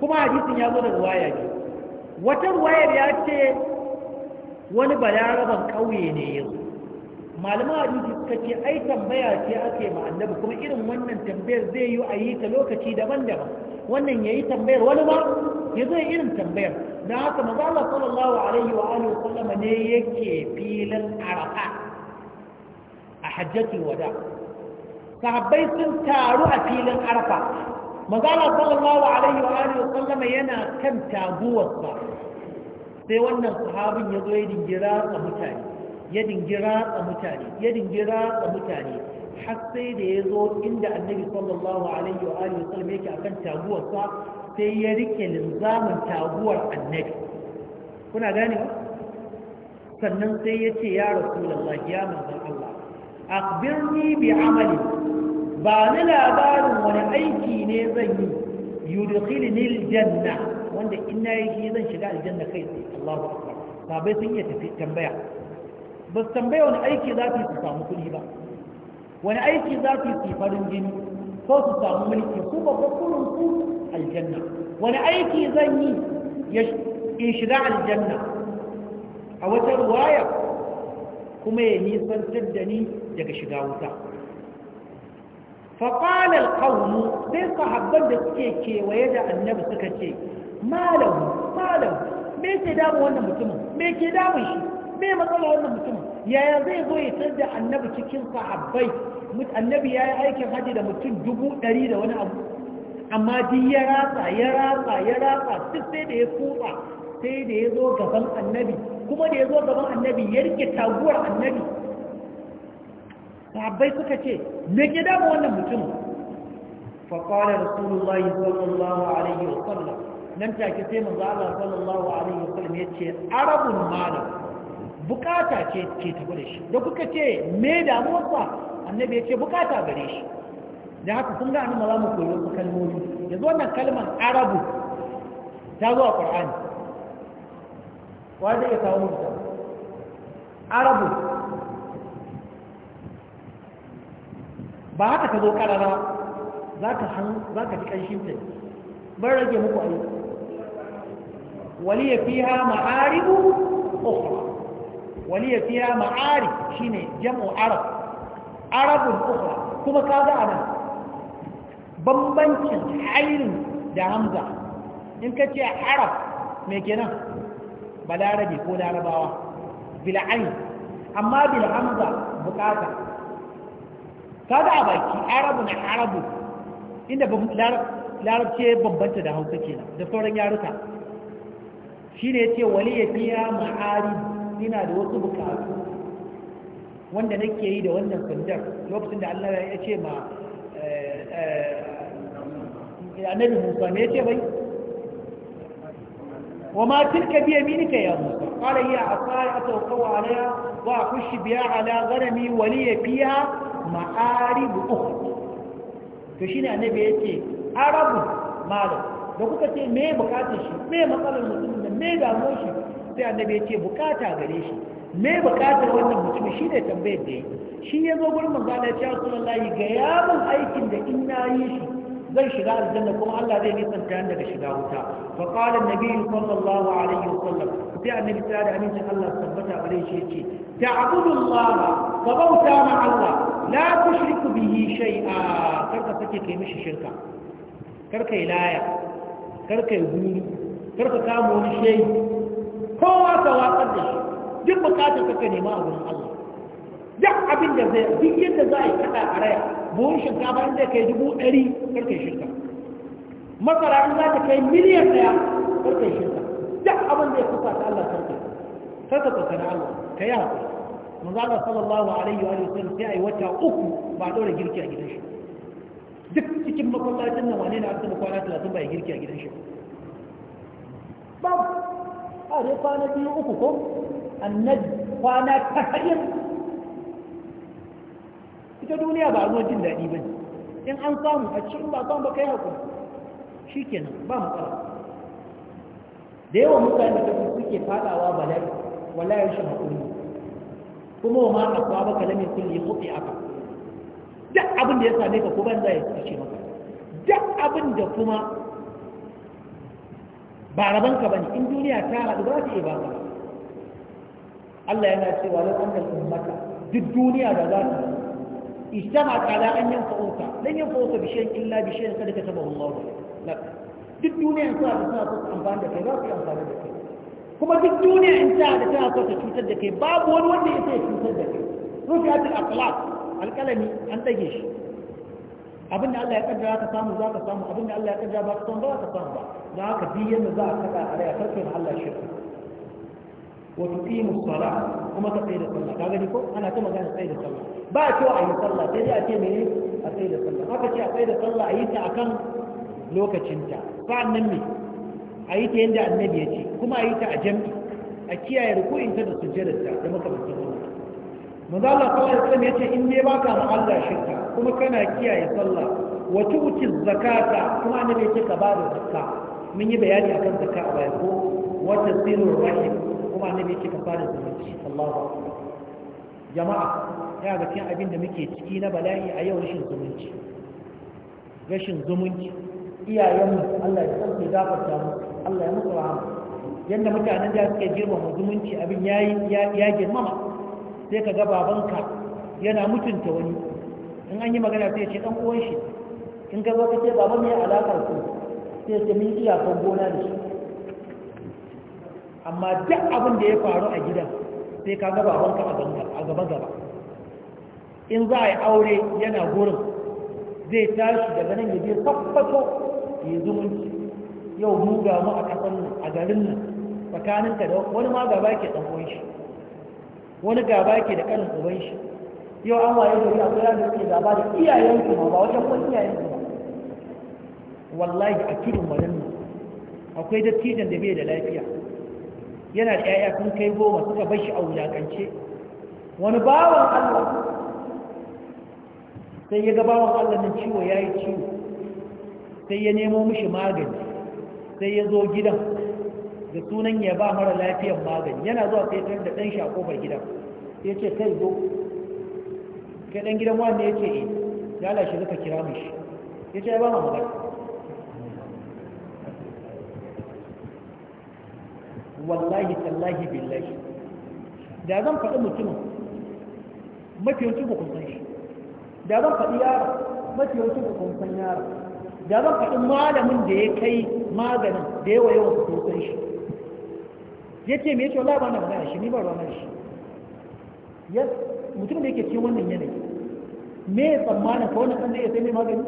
kuma hadisin ya zo da ruwaya ne wata ruwayar ya ce wani balaraban kauye ne yanzu malaman a suka ce ai tambaya ce ake ma annabi kuma irin wannan tambayar zai yi a yi ta lokaci daban-daban wannan ya yi tambayar wani ba ya zo irin tambayar Na haka maza Allah sallallahu alaihi wa alihi sallama ne yake filin arafa a hajjatul wada sahabbai sun taru a filin arafa maza Allah sallallahu alaihi wa alihi sallama yana kan taguwarsa sai wannan sahabin ya zo ya dingira mutane ya dingi ratsa mutane ya dingi ratsa mutane har sai da ya zo inda annabi sallallahu alaihi wa alihi wasallam yake akan taguwarsa sai ya rike linzamin taguwar annabi kuna gane ba sannan sai ya ce ya rasulullah ya manzon Allah akhbirni bi amali ba ni labarin wani aiki ne zan yi yudkhilni aljanna wanda in nayi shi zan shiga aljanna kai tsaye Allahu akbar sabai sun iya tambaya ba su tambaya wani aiki za su yi su samu kuɗi ba wani aiki za su yi su farin jini ko su samu mulki su ba kurin su aljanna wani aiki zan yi in shiga aljanna a wata ruwaya kuma ya nisan da ni daga shiga wuta faƙalar ƙaunu sai sahabban da suke kewaye da annabi suka ce malam, malam. me ke damu wannan mutumin me ke damun shi me matsala wannan mutumin yaya zai zo ya tsar da annabi cikin sahabbai annabi ya yi aikin haji da mutum dubu ɗari da wani abu amma duk ya ratsa ya ratsa ya ratsa duk sai da ya kutsa sai da ya zo gaban annabi kuma da ya zo gaban annabi ya rike taguwar annabi sahabbai suka ce me ke dama wannan mutum faƙalar rasulullahi sallallahu alaihi wasallam nan take sai manzo Allah sallallahu alaihi wasallam ya ce arabun malam bukata ce ke tafi da shi da kuka ce me da damuwarsa annabi ya ce bukata gare shi da haka kun ga annabi za mu koyi wasu kalmomi yanzu wannan kalmar arabu ta zo a qur'ani wa da iya kawo mutu arabu ba haka ta zo karara za ka han za ka ji kanshin ta ban rage muku ayi waliya fiha ma'aribu ukhra waliya fiya ma'ari ne jam'u arab arabun ukhra kuma ka kaga anan bambancin ainin da hamza in ka ce arab mai kenan balarabe ko larabawa bil'ain amma Bil'amza hamza bukata kaga a baki arabun arabu inda larabce bambanta da hausa ke da sauran yaruka shine yace waliya fiya ma'ari ina da wasu bukatu wanda nake yi da wannan sandar lokacin da Allah ya ce ma eh, eh, annabi Musa ne ce bai wa ma tilka bi yaminika ya Musa qala hiya asaya atawqa alayha wa akhsh biha ala ghanami wa li fiha ma'arib ukhra to shine annabi yace arabu malam da kuka ce me bukatun shi me matsalar mutumin da me damuwar shi sai annabi ya ce bukata gare shi me bukatar wannan mutum shi ne tambayar da yi shi ya zo gurin manzo Allah ya ce Rasulullahi ga yamin aikin da in na yi shi zan shiga aljanna kuma Allah zai nisanta ni daga shiga wuta fa qala an-nabi sallallahu alaihi wasallam sai annabi ta da amincin Allah tabbata bare shi yace ta'budu Allah ka bauta ma Allah la tushriku bihi shay'a karka sake kai mishi shirka karka yi laya karka yi guri karka kama wani shayi. kowa ka watsar da shi duk bukatar ka nema a wurin Allah duk abin da zai duk yadda za a yi kada a raya buhun shinkafa in zai kai dubu ɗari karkai shirka masara in za ta kai miliyan ɗaya karkai shirka duk abin da ya kusa ta Allah karkai karka tsakanin Allah ka yi haka manzo Allah sallallahu alaihi wa sallam sai a yi wata uku ba ɗora girki a gidan shi duk cikin masallacin nan wane ne aka kwana talatin ba ya girki a gidan shi babu a dai kwana biyu uku ko annabi kwana ta hanyar. ita duniya ba a ruwan jin daɗi ba in an samu a cikin ba samu ba kai haƙuri shi kenan ba mu tsara. da yawa mutane da suke fadawa bala'i wala ya shi haƙuri kuma ma a kuwa baka lamin kulle kuɗi aka duk abin da ya same ka ko ban za ya ce maka duk abin da kuma ba rabon rabanka bane in duniya ta haɗu ba ta iya baka Allah yana cewa lan annal ummata duk duniya da za ta ijtama ala an yanfa'uka lan yanfa'uka bi shay'in illa bi shay'in qad katabahu Allah lak duk duniya ta da ta so amfani da kai za ta amfani da kai kuma duk duniya in ta da ta so ta cutar da kai babu wani wanda ya sai cutar da kai rufiyatul aqlaq alqalami an dage shi abinda Allah ya kaddara ka samu za ka samu abinda Allah ya kaddara ba ka samu ba ka samu ba don haka duk yadda za a kaɗa a raya karfe na Allah shirka wa tuqimu salat kuma ka tsaye da sallah ka gani ko ana ta magana tsaye da sallah ba a cewa a yi sallah sai dai a ce mene a tsaye da sallah aka ce a tsaye da sallah a yi ta akan lokacinta sa'annan me a yi ta yadda annabi ya ce kuma a yi ta a jam'i a kiyaye ruku'in ta da ta da makamantan wannan manzo Allah sallallahu alaihi wasallam yace in dai baka ma Allah shirka kuma kana kiyaye sallah wa tu'ti zakata kuma annabi yake ka ba da zakka mun yi bayani a kan zaka a baya ko wata sirrin rahim kuma ne yake kafa da zumunci Allahu akbar jama'a ya ga cikin abin da muke ciki na bala'i a yau rashin zumunci rashin zumunci iyayenmu Allah ya san su gafarta mu Allah ya musu rahama yadda mutanen da suke mu zumunci abin ya ma sai ka ga babanka yana mutunta wani in an yi magana sai ce dan uwan shi in ka zo ka ce baban ya alakar ku sai ta min iyakan gona da shi amma duk abin da ya faru a gidan sai ka gaba wanka a gaba gaba in za a yi aure yana gurin zai tashi daga nan ya je tabbato ya zumunci yau mu ga mu a kasan a garin nan tsakaninka da wani ma gaba ke dan uwan shi wani gaba ke da kanin uban shi yau an waye gari a tsaya da ke gaba da iyayensu ma ba wajen iyayen ku. wallahi a tudun wajen akwai dattijan da bai da lafiya yana da 'ya'ya sun kai goma suka bashi a wulakance wani bawan allah sai ya ga bawan allah na ciwo ya yi ciwo sai ya nemo mishi magani sai ya zo gidan da sunan ya ba mara lafiyar magani yana zuwa sai da ɗan shi a ƙofar gidan ya ce kai zo kai ɗan gidan wanda ya ce eh, ya lashe zuka kira mishi ya ce ya ba ma magani wallahi tallahi billahi da zan faɗi mutumin mafi yawancin ku shi da zan faɗi yara mafi yawancin ku yara da zan faɗi malamin da ya kai maganin da yawa yawan ku shi ya ce me ya ce wallahi ba na magana shi ni ba ruwa shi mutum da yake cikin wannan yanayi me ya tsammanin ko wani kan ya sai mai magani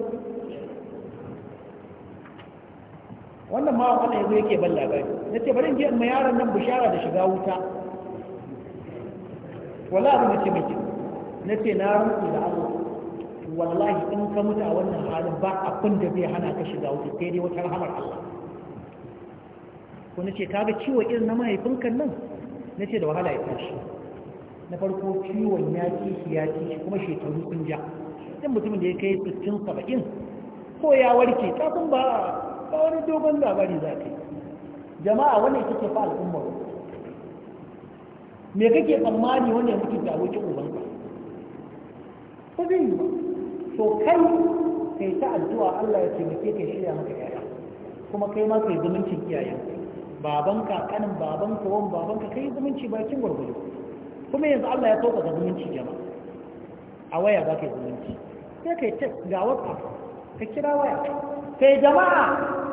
wannan ma wannan yanzu yake ban labari na ce bari in je in ma yaron nan bishara da shiga wuta wala abu mace mai kyau na ce na rantsu da abu. wallahi in ka mutu a wannan halin ba abin da zai hana ka shiga wuta sai dai wata rahamar Allah ko ce ce ga ciwo irin na mahaifinkan nan na ce da wahala ya tashi na farko ciwon ya ci shi ya ci shi kuma shekaru sun ja dan mutumin da ya kai 60 saba'in? ko ya warke kafin ba ba wani dogon labari za ka yi jama'a wannan kike fa al'umma me kake tsammani wanda ya mutu da wuce uban ka ko zai yi ba to kai kai ta addu'a Allah ya taimake ka shirya maka yaya kuma kai ma kai zumuncin iyayen babanka kanin babanka wan babanka kai zumunci bakin gurgure kuma yanzu Allah ya sauka zumunci jama'a a waya ba ka yi zumunci sai kai ta ga wata ka kira waya kai jama'a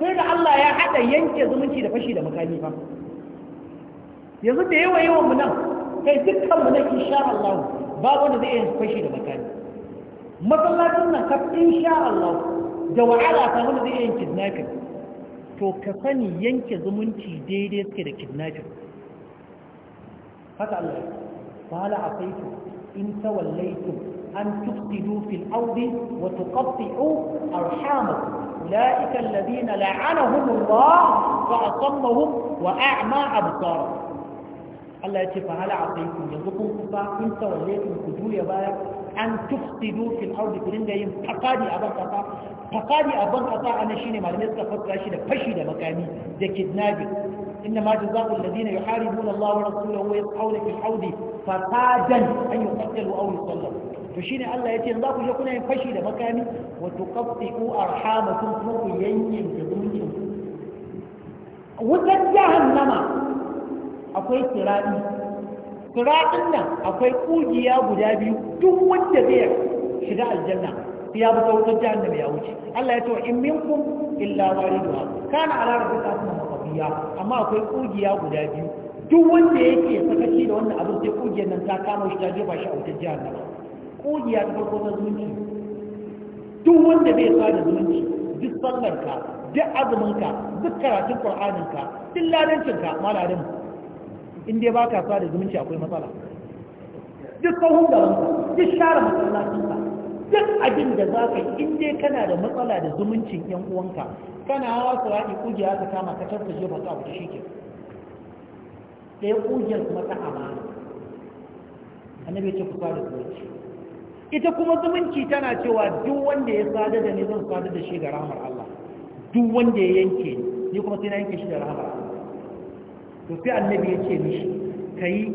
sai da Allah ya haɗa yanke zumunci da fashi da makami ba yanzu da yawa yawan mu nan kai dukkan mu nan insha Allah ba wanda zai yin fashi da makami masallacin nan ka insha Allah da wahala ta wanda zai yin kidnapping to ka sani yanke zumunci daidai suke da kidnapping haka Allah ya qala afaitu in tawallaytum an tufsidu fil ardi wa tuqatti'u arhamakum اولئك الذين لعنهم الله فاصمهم واعمى ابصارهم الله يتي فهل عطيكم يذكم كفا انت وليكم كدو يا بايا ان تفتدوا في الارض كلين جاي فقادي ابن قطا فقادي ابن قطا انا شيني ما لمس فكر شي مكاني زي كدناجي انما جزاء الذين يحاربون الله ورسوله ويقعون في الحوض فقادا ان يقتلوا او يصلوا to shine Allah ya ce za ku je kuna yin fashi da makami wato wa tuqatti'u arhamakum kuma ku yankin da zumunci wutar jahannama akwai sirati siratin nan akwai kugiya guda biyu duk wanda zai shiga aljanna ya bi ta wutar jahannama ya wuce Allah ya ce in min minkum illa wariduha kana ala ta rabbika asma amma akwai kugiya guda biyu duk wanda yake sakaci da wannan abin sai kungiyar nan ta kama shi ta jefa shi a wutar jihar nan ƙugiya ta farko ta zumunci duk wanda bai sa da zumunci duk sallarka duk azuminka duk karatun ƙur'aninka duk ladancinka malarin in dai ba ka sa da zumunci akwai matsala duk da gabanka duk share masallacinka duk abin da za ka in dai kana da matsala da zumuncin yan uwanka kana hawa su raɗi ƙugiya ta kama ka tafi jefa ta abu shi ke ɗaya ƙugiyar kuma ta amana annabi ya ce kusa da zumunci ita kuma zumunci tana cewa duk wanda ya sada da ni zan sada da shi ga rahmar Allah duk wanda ya yanke ni kuma sai na yanke shi da rahmar Allah to sai annabi ya ce mishi kai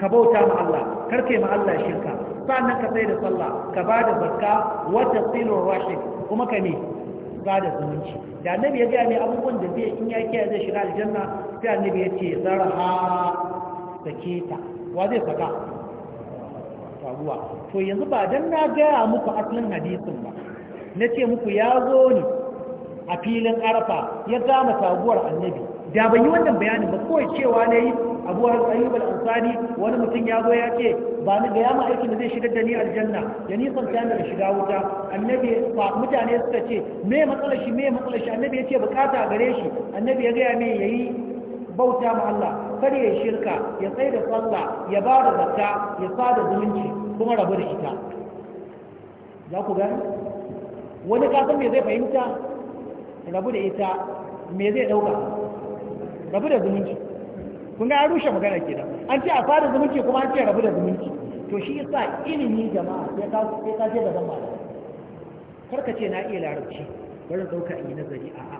ka bauta ma Allah kar kai ma Allah shirka sannan ka sai da sallah ka ba da zakka wa tasilu rashid kuma ka ne ba da zumunci da annabi ya ga ne abubuwan da zai in ya kiyaye zai shiga aljanna sai annabi ya ce zarha sakita wa zai saka faruwa to yanzu ba dan na gaya muku asalin hadisin ba na ce muku ya zo ni a filin arafa ya gama taguwar annabi da ban yi wannan bayanin ba kawai cewa na yi abuwar har ayyubal wani mutum ya zo ya ce ba ni gaya ma aikin da zai shigar da ni aljanna ya nisan ta da shiga wuta annabi mutane suka ce me matsalar shi me matsalar shi annabi ya ce bukata gare shi annabi ya gaya me yayi bauta ma Allah kada ya shirka ya tsaye da sallah ya ba da zakka ya sada zumunci kuma rabu da ita za ku gani wani kasan me zai fahimta rabu da ita me zai dauka rabu da zumunci kun ga rushe magana nan an ce a fara zumunci kuma an ce rabu da zumunci to shi yasa ilimi jama'a ya ka ya ka da gaban malama karka ce na iya larabci bari dauka in yi nazari a'a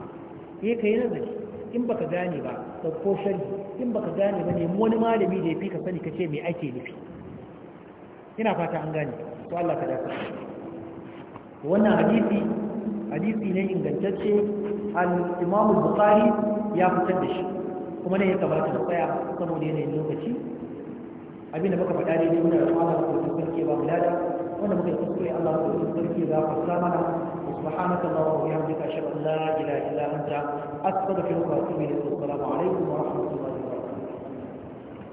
eh kai nazari in baka gane ba dauko shari in baka gane ba nemi wani malami da ya fi ka sani ka ce me ake nufi ina fata an gane to Allah ka dafa wannan hadisi hadisi ne ingantacce al-Imam Bukhari ya fitar da shi kuma ne ya kamata mu tsaya saboda yanayin lokaci abin da muka faɗa ne ne muna da Allah sarki ba mulada wanda muka kuskure Allah ko sarki za ka sa mana subhanaka allahumma wa bihamdika ashhadu an la ilaha illa anta astaghfiruka wa atubu ilayk assalamu alaikum